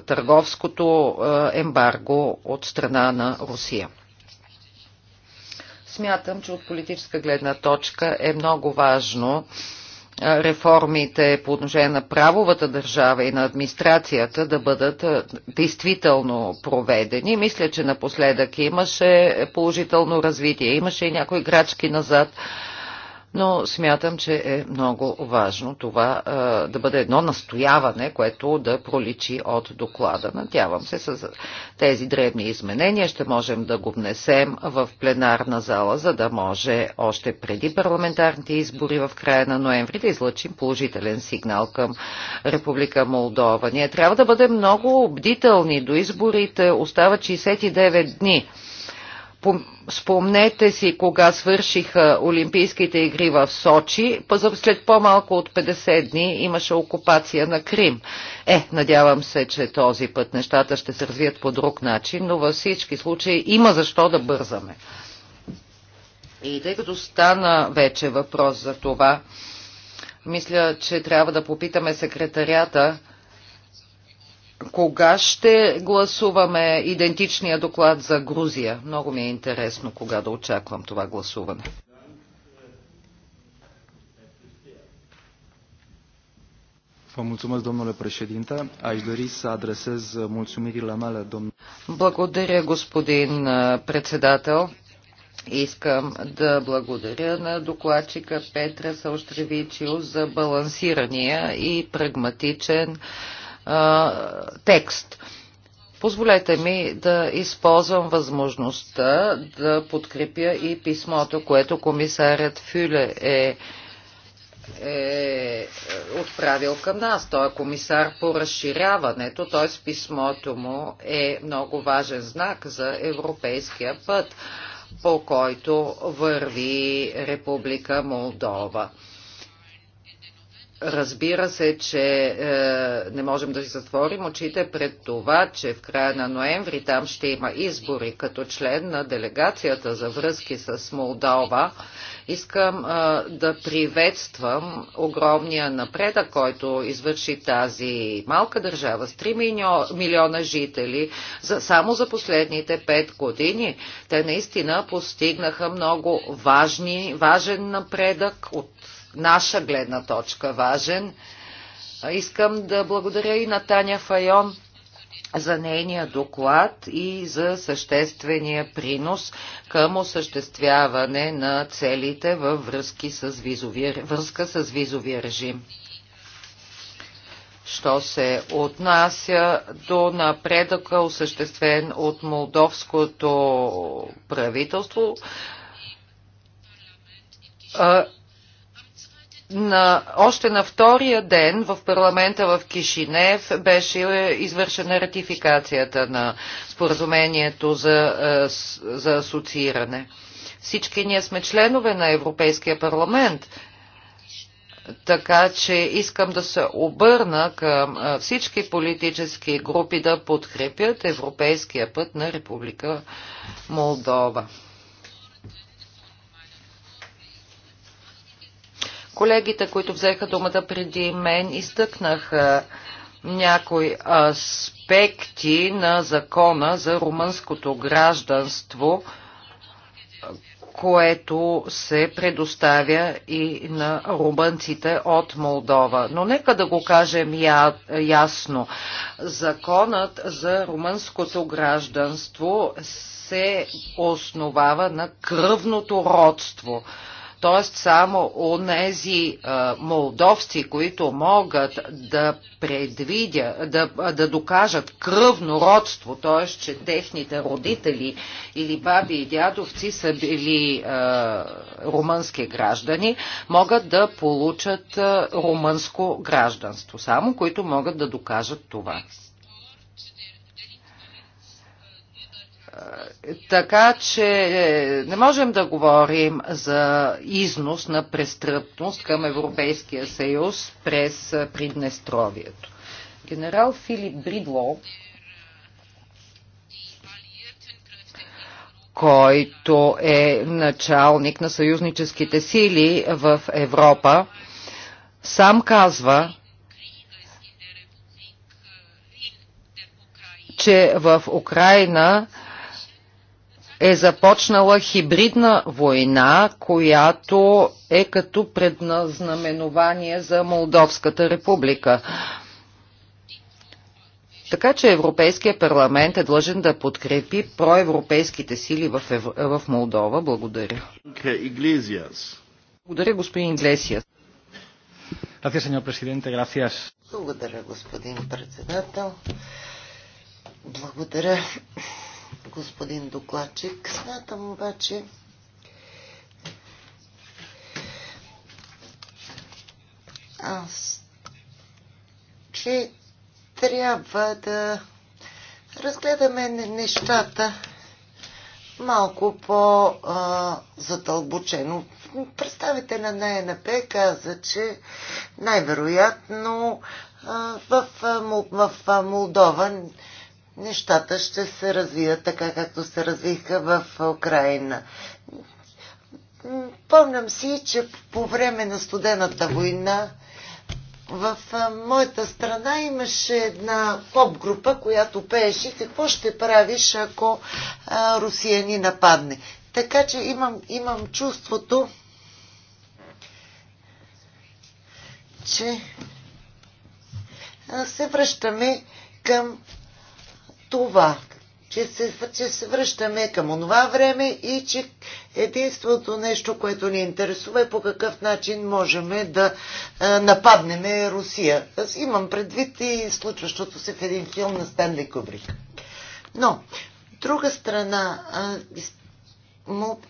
търговското ембарго от страна на Русия. Смятам, че от политическа гледна точка е много важно реформите по отношение на правовата държава и на администрацията да бъдат действително проведени. Мисля, че напоследък имаше положително развитие, имаше и някои грачки назад но смятам, че е много важно това а, да бъде едно настояване, което да проличи от доклада. Надявам се с тези древни изменения ще можем да го внесем в пленарна зала, за да може още преди парламентарните избори в края на ноември да излъчим положителен сигнал към Република Молдова. Ние трябва да бъдем много бдителни до изборите. Остават 69 дни. Спомнете си, кога свършиха Олимпийските игри в Сочи, след по-малко от 50 дни имаше окупация на Крим. Е, надявам се, че този път нещата ще се развият по друг начин, но във всички случаи има защо да бързаме. И тъй като стана вече въпрос за това, мисля, че трябва да попитаме секретарята кога ще гласуваме идентичния доклад за Грузия? Много ми е интересно кога да очаквам това гласуване. Vă mulțumesc, domnule președinte. Aș dori să adresez mulțumirile mele, domnule. Благодаря, господин председател. Искам да благодаря на докладчика Петра Саустревичио за балансирания и прагматичен текст. Позволете ми да използвам възможността да подкрепя и писмото, което комисарят Фюле е, е отправил към нас. Той е комисар по разширяването, т.е. писмото му е много важен знак за европейския път, по който върви Република Молдова. Разбира се, че е, не можем да си затворим очите пред това, че в края на ноември там ще има избори. Като член на делегацията за връзки с Молдова, искам е, да приветствам огромния напредък, който извърши тази малка държава с 3 милиона жители за, само за последните 5 години. Те наистина постигнаха много важни, важен напредък от наша гледна точка важен. Искам да благодаря и на Таня Файон за нейния доклад и за съществения принос към осъществяване на целите във връзки с визовия, връзка с визовия режим. Що се отнася до напредъка, осъществен от молдовското правителство, на, още на втория ден в парламента в Кишинев беше е, извършена ратификацията на споразумението за, е, за асоцииране. Всички ние сме членове на Европейския парламент, така че искам да се обърна към е, всички политически групи да подкрепят европейския път на Република Молдова. Колегите, които взеха думата преди мен, изтъкнаха някои аспекти на закона за румънското гражданство, което се предоставя и на румънците от Молдова. Но нека да го кажем я, ясно. Законът за румънското гражданство се основава на кръвното родство т.е. само онези молдовци, които могат да предвидят, да, да докажат кръвно родство, т.е. че техните родители или баби и дядовци са били а, румънски граждани, могат да получат а, румънско гражданство. Само които могат да докажат това. Така че е, не можем да говорим за износ на престъпност към Европейския съюз през е, Приднестровието. Генерал Филип Бридло, който е началник на съюзническите сили в Европа, сам казва, че в Украина е започнала хибридна война, която е като предназнаменование за Молдовската република. Така че Европейския парламент е длъжен да подкрепи проевропейските сили в, Ев... в Молдова. Благодаря. Благодаря, господин Иглесиас. Благодаря, господин председател. Благодаря господин докладчик. Смятам обаче, аз, че трябва да разгледаме нещата малко по-задълбочено. Представителя на ЕНП каза, че най-вероятно в, в Молдова нещата ще се развият така, както се развиха в Украина. Помням си, че по време на студената война в моята страна имаше една поп-група, която пееше какво ще правиш, ако Русия ни нападне. Така че имам, имам чувството, че се връщаме към това, че се, че се връщаме към онова време и че единственото нещо, което ни интересува е по какъв начин можем да а, нападнем Русия. Аз имам предвид и случващото се в един филм на Стенли Кубрик. Но, друга страна, а,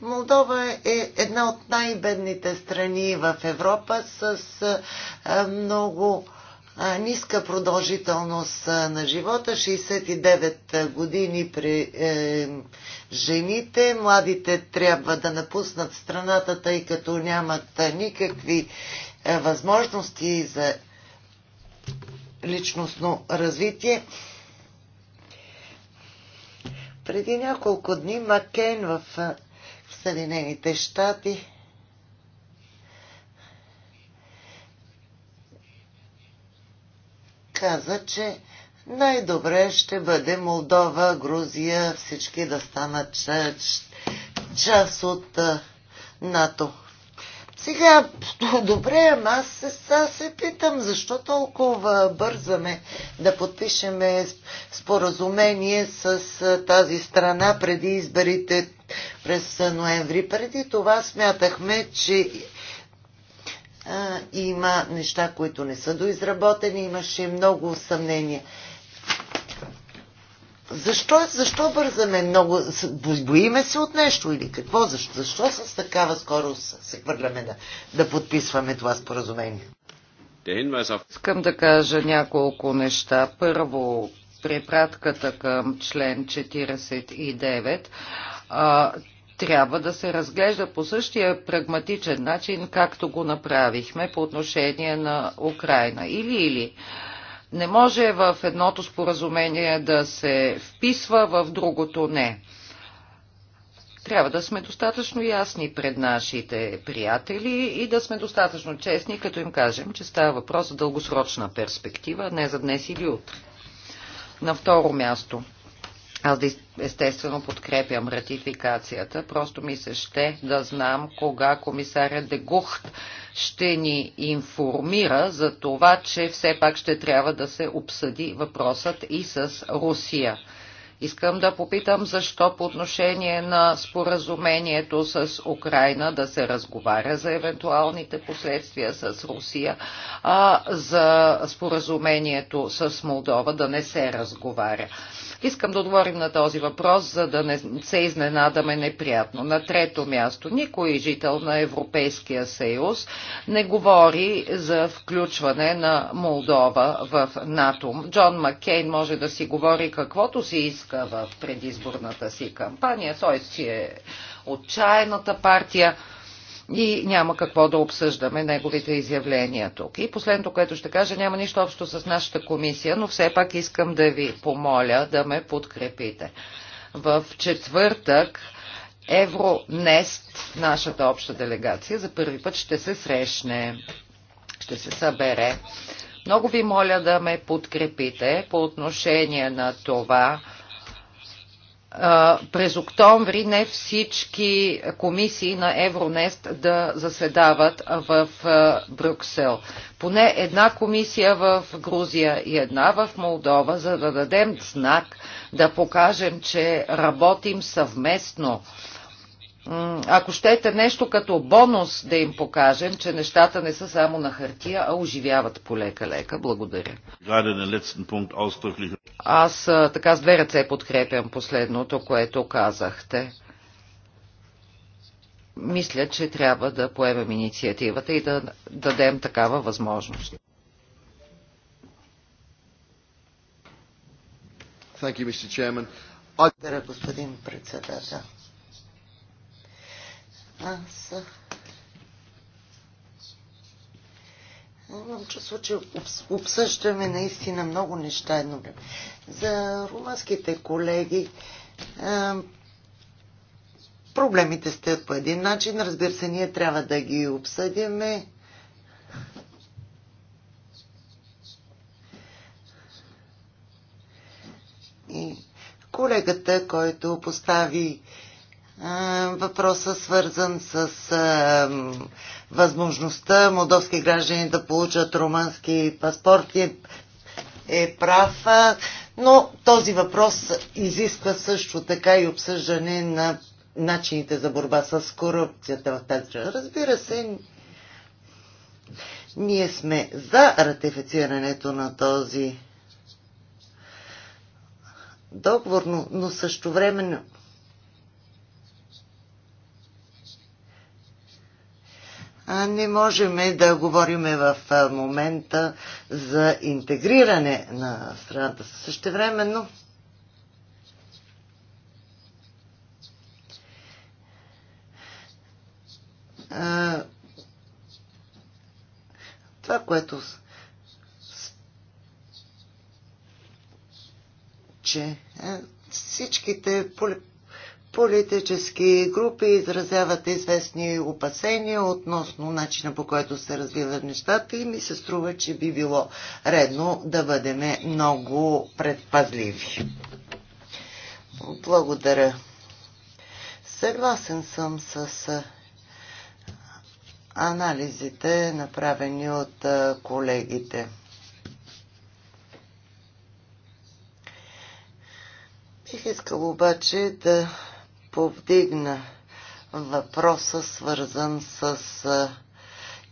Молдова е една от най-бедните страни в Европа с а, много ниска продължителност на живота, 69 години при е, жените. Младите трябва да напуснат страната, тъй като нямат никакви е, възможности за личностно развитие. Преди няколко дни Макен е, в Съединените щати каза, че най-добре ще бъде Молдова, Грузия, всички да станат част от НАТО. Сега, <laughs> добре, ама аз, аз се питам, защо толкова бързаме да подпишеме споразумение с тази страна преди изборите през ноември. Преди това смятахме, че а, има неща, които не са доизработени, имаше много съмнения. Защо, защо бързаме много? Боиме се от нещо или какво? Защо, защо с такава скорост се хвърляме да, да подписваме това споразумение? Искам да кажа няколко неща. Първо, препратката към член 49. А, трябва да се разглежда по същия прагматичен начин, както го направихме по отношение на Украина. Или, или. Не може в едното споразумение да се вписва, в другото не. Трябва да сме достатъчно ясни пред нашите приятели и да сме достатъчно честни, като им кажем, че става въпрос за дългосрочна перспектива, не за днес или утре. На второ място – аз естествено подкрепям ратификацията, просто ми се ще да знам кога комисарят Дегухт ще ни информира за това, че все пак ще трябва да се обсъди въпросът и с Русия. Искам да попитам защо по отношение на споразумението с Украина да се разговаря за евентуалните последствия с Русия, а за споразумението с Молдова да не се разговаря. Искам да отговорим на този въпрос, за да не се изненадаме неприятно. На трето място, никой жител на Европейския съюз не говори за включване на Молдова в НАТО. Джон Маккейн може да си говори каквото си иска в предизборната си кампания. Той си е отчаяната партия и няма какво да обсъждаме неговите изявления тук. И последното, което ще кажа, няма нищо общо с нашата комисия, но все пак искам да ви помоля да ме подкрепите. В четвъртък Евронест, нашата обща делегация, за първи път ще се срещне, ще се събере. Много ви моля да ме подкрепите по отношение на това, през октомври не всички комисии на Евронест да заседават в Брюксел. Поне една комисия в Грузия и една в Молдова, за да дадем знак, да покажем, че работим съвместно ако щете нещо като бонус да им покажем, че нещата не са само на хартия, а оживяват полека-лека. Благодаря. Аз така с две ръце подкрепям последното, което казахте. Мисля, че трябва да поемем инициативата и да дадем такава възможност. Благодаря, господин председател. Аз Имам чувство, че обсъждаме наистина много неща едно време. За румънските колеги проблемите сте по един начин. Разбира се, ние трябва да ги обсъдиме. И колегата, който постави въпроса, свързан с а, възможността молдовски граждани да получат романски паспорти, е, е прав, но този въпрос изисква също така и обсъждане на начините за борба с корупцията в тази държава. Разбира се, ние сме за ратифицирането на този договор, но, но същевременно времено не можем да говорим в момента за интегриране на страната. Същевременно това, което че е, всичките политически групи изразяват известни опасения относно начина по който се развиват нещата и ми се струва, че би било редно да бъдем много предпазливи. Благодаря. Съгласен съм с анализите, направени от колегите. Бих искал обаче да повдигна въпроса, свързан с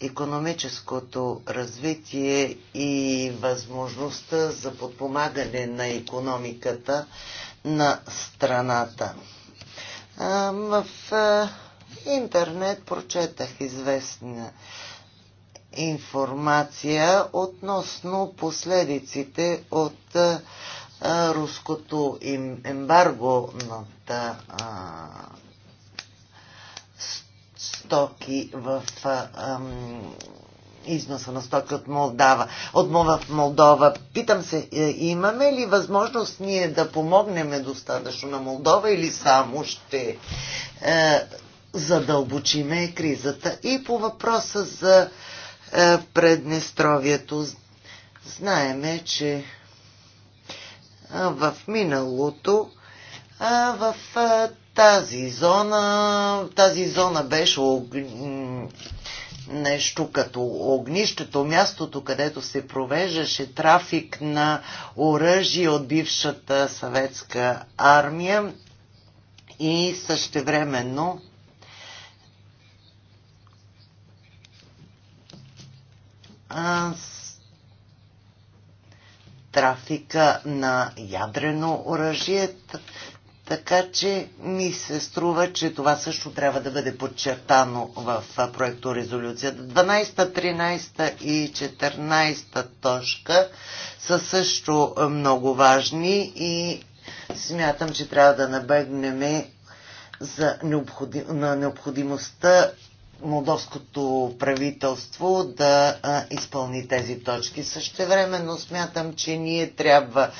економическото развитие и възможността за подпомагане на економиката на страната. В интернет прочетах известна информация относно последиците от руското ембарго на а, стоки в а, а, износа на стоки от Молдава, от в Молдова. Питам се, е, имаме ли възможност ние да помогнем достатъчно на Молдова или само ще е, задълбочиме кризата? И по въпроса за е, Преднестровието. Знаеме, че в миналото в тази зона, тази зона беше нещо като огнището, мястото, където се провеждаше трафик на оръжие от бившата съветска армия и същевременно а, трафика на ядрено оръжие така че ми се струва, че това също трябва да бъде подчертано в проекто резолюцията. 12, 13 и 14 точка са също много важни и смятам, че трябва да набегнем за необходи... на необходимостта молдовското правителство да а, изпълни тези точки. Същевременно смятам, че ние трябва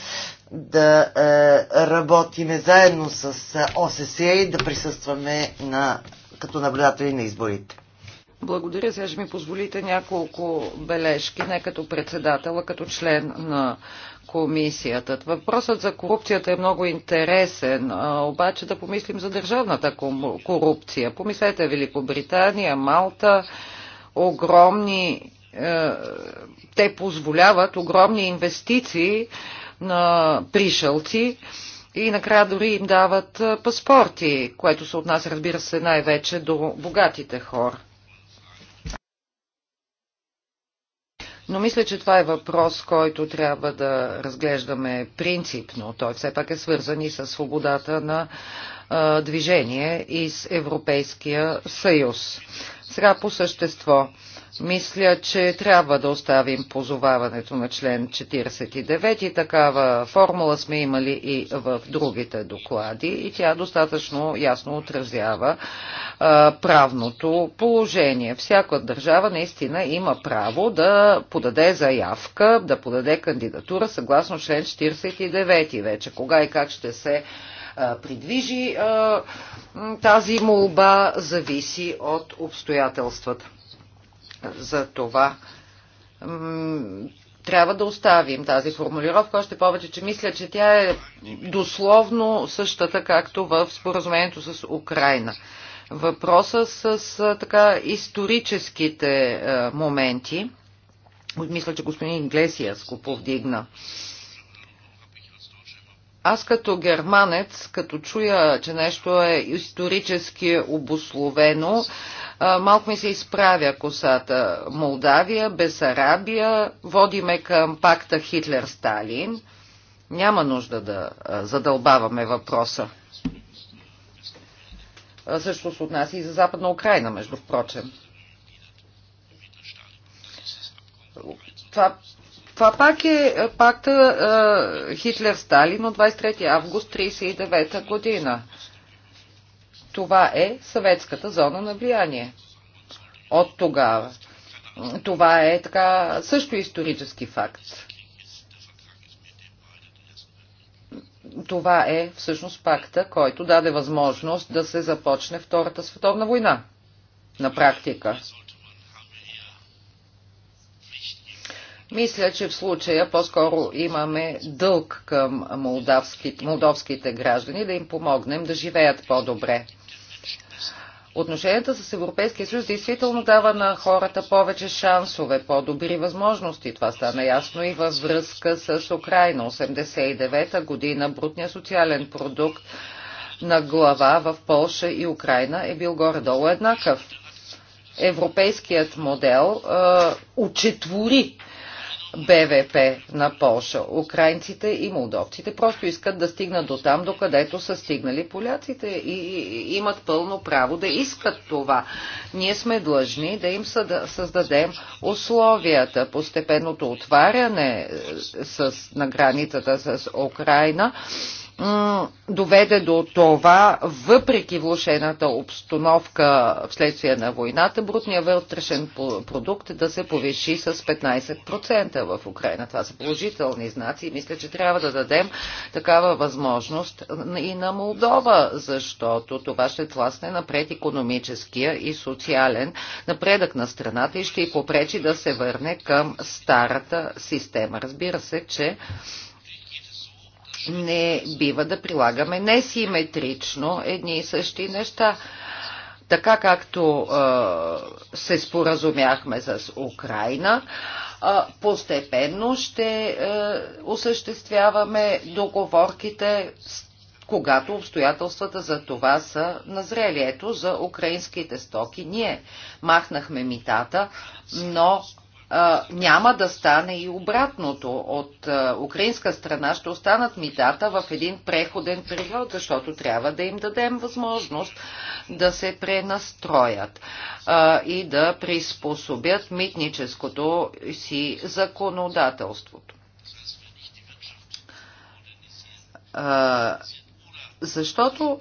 да е, работиме заедно с ОССЕ и да присъстваме на, като наблюдатели на изборите. Благодаря. Сега ще ми позволите няколко бележки, не като председател, а като член на комисията. Въпросът за корупцията е много интересен, обаче да помислим за държавната корупция. Помислете Великобритания, Малта, огромни, е, те позволяват огромни инвестиции на пришелци и накрая дори им дават паспорти, което се отнася, разбира се, най-вече до богатите хора. Но мисля, че това е въпрос, който трябва да разглеждаме принципно. Той все пак е свързан и с свободата на движение и с Европейския съюз. Сега по същество. Мисля, че трябва да оставим позоваването на член 49. и Такава формула сме имали и в другите доклади и тя достатъчно ясно отразява а, правното положение. Всяка държава наистина има право да подаде заявка, да подаде кандидатура съгласно член 49 вече. Кога и как ще се придвижи тази молба зависи от обстоятелствата за това. Трябва да оставим тази формулировка, още повече, че мисля, че тя е дословно същата, както в споразумението с Украина. Въпроса с така историческите е, моменти, мисля, че господин Иглесиас го повдигна. Аз като германец, като чуя, че нещо е исторически обословено, малко ми се изправя косата. Молдавия, Бесарабия, водиме към пакта Хитлер-Сталин. Няма нужда да задълбаваме въпроса. Също се отнася и за Западна Украина, между впрочем. Това това пак е, е пакта е, Хитлер-Сталин от 23 август 1939 година. Това е съветската зона на влияние. От тогава. Това е така също исторически факт. Това е всъщност пакта, който даде възможност да се започне Втората световна война. На практика. Мисля, че в случая по-скоро имаме дълг към молдавски, молдовските граждани да им помогнем да живеят по-добре. Отношенията с Европейския съюз действително дава на хората повече шансове, по-добри възможности. Това стана ясно и във връзка с Украина. 89-та година брутния социален продукт на глава в Полша и Украина е бил горе-долу еднакъв. Европейският модел е, учетвори БВП на Польша. Украинците и молдовците просто искат да стигнат до там, докъдето са стигнали поляците и имат пълно право да искат това. Ние сме длъжни да им създадем условията. Постепенното отваряне е, с, на границата с Украина доведе до това, въпреки влушената обстановка вследствие на войната, брутният вътрешен продукт да се повиши с 15% в Украина. Това са положителни знаци и мисля, че трябва да дадем такава възможност и на Молдова, защото това ще тласне напред економическия и социален напредък на страната и ще й попречи да се върне към старата система. Разбира се, че не бива да прилагаме несиметрично едни и същи неща. Така както е, се споразумяхме с Украина, е, постепенно ще е, осъществяваме договорките когато обстоятелствата за това са назрели. Ето за украинските стоки ние махнахме митата, но няма да стане и обратното. От украинска страна ще останат митата в един преходен период, защото трябва да им дадем възможност да се пренастроят и да приспособят митническото си законодателството защото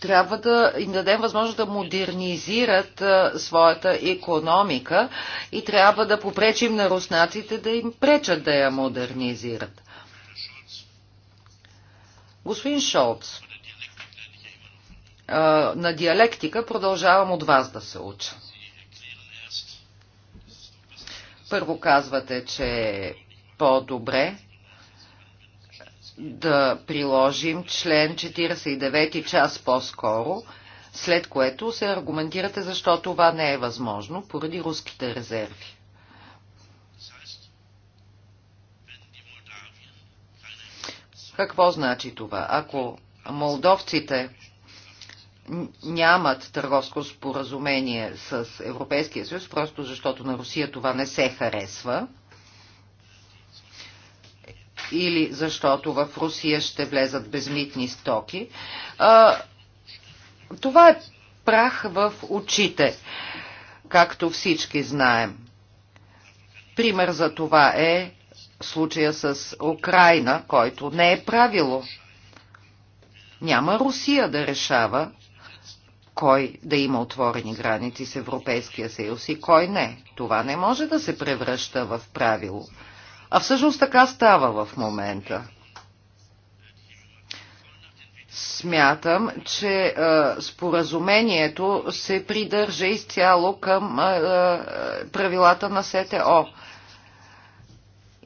трябва да им дадем възможност да модернизират своята економика и трябва да попречим на руснаците да им пречат да я модернизират. Господин Шолц, на диалектика продължавам от вас да се уча. Първо казвате, че е по-добре да приложим член 49 час по-скоро, след което се аргументирате защо това не е възможно поради руските резерви. Какво значи това? Ако молдовците нямат търговско споразумение с Европейския съюз, просто защото на Русия това не се харесва, или защото в Русия ще влезат безмитни стоки. А, това е прах в очите, както всички знаем. Пример за това е случая с Украина, който не е правило. Няма Русия да решава кой да има отворени граници с Европейския съюз и кой не. Това не може да се превръща в правило. А всъщност така става в момента. Смятам, че а, е, споразумението се придържа изцяло към а, е, е, правилата на СТО.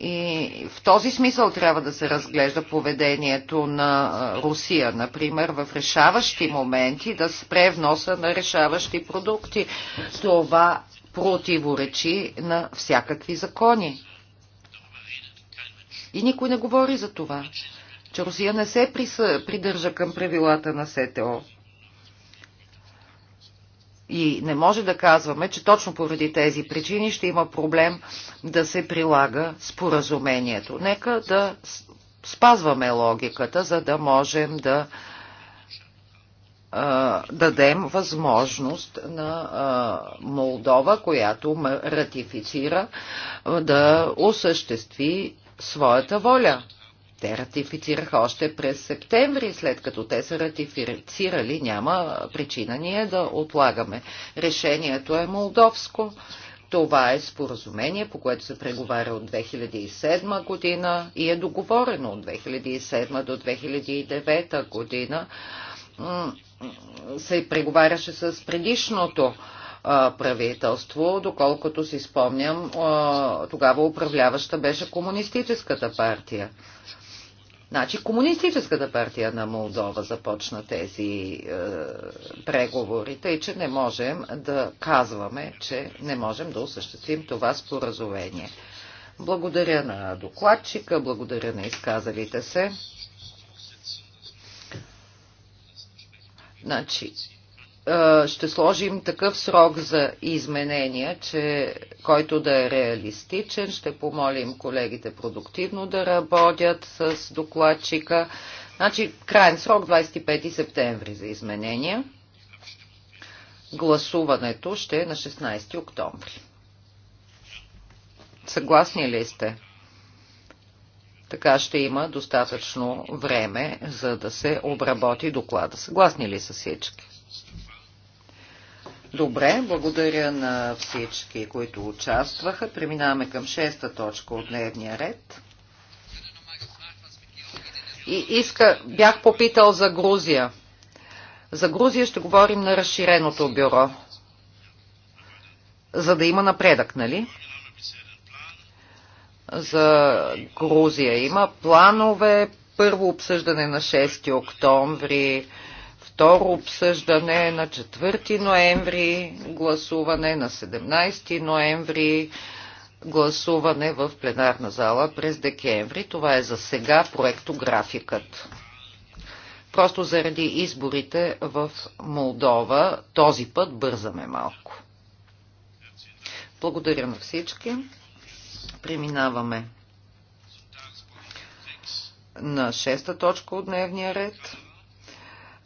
И в този смисъл трябва да се разглежда поведението на Русия, например, в решаващи моменти да спре вноса на решаващи продукти. Това противоречи на всякакви закони. И никой не говори за това, че Русия не се придържа към правилата на СТО. И не може да казваме, че точно поради тези причини ще има проблем да се прилага споразумението. Нека да спазваме логиката, за да можем да дадем възможност на Молдова, която ратифицира, да осъществи своята воля. Те ратифицираха още през септември, след като те са ратифицирали, няма причина ние да отлагаме. Решението е молдовско. Това е споразумение, по което се преговаря от 2007 година и е договорено от 2007 до 2009 година. Се преговаряше с предишното правителство. Доколкото си спомням, тогава управляваща беше Комунистическата партия. Значи Комунистическата партия на Молдова започна тези е, преговори, тъй че не можем да казваме, че не можем да осъществим това споразумение. Благодаря на докладчика, благодаря на изказалите се. Значи, ще сложим такъв срок за изменения, че, който да е реалистичен. Ще помолим колегите продуктивно да работят с докладчика. Значи, крайен срок 25 септември за изменения. Гласуването ще е на 16 октомври. Съгласни ли сте? Така ще има достатъчно време, за да се обработи доклада. Съгласни ли са всички? Добре, благодаря на всички, които участваха. Преминаваме към шеста точка от дневния ред. И иска, бях попитал за Грузия. За Грузия ще говорим на разширеното бюро. За да има напредък, нали? За Грузия има планове. Първо обсъждане на 6 октомври второ обсъждане на 4 ноември, гласуване на 17 ноември, гласуване в пленарна зала през декември. Това е за сега проектографикът. Просто заради изборите в Молдова този път бързаме малко. Благодаря на всички. Преминаваме на шеста точка от дневния ред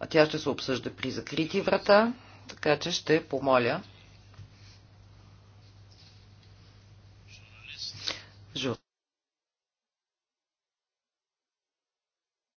а тя ще се обсъжда при закрити врата, така че ще помоля. Журналист.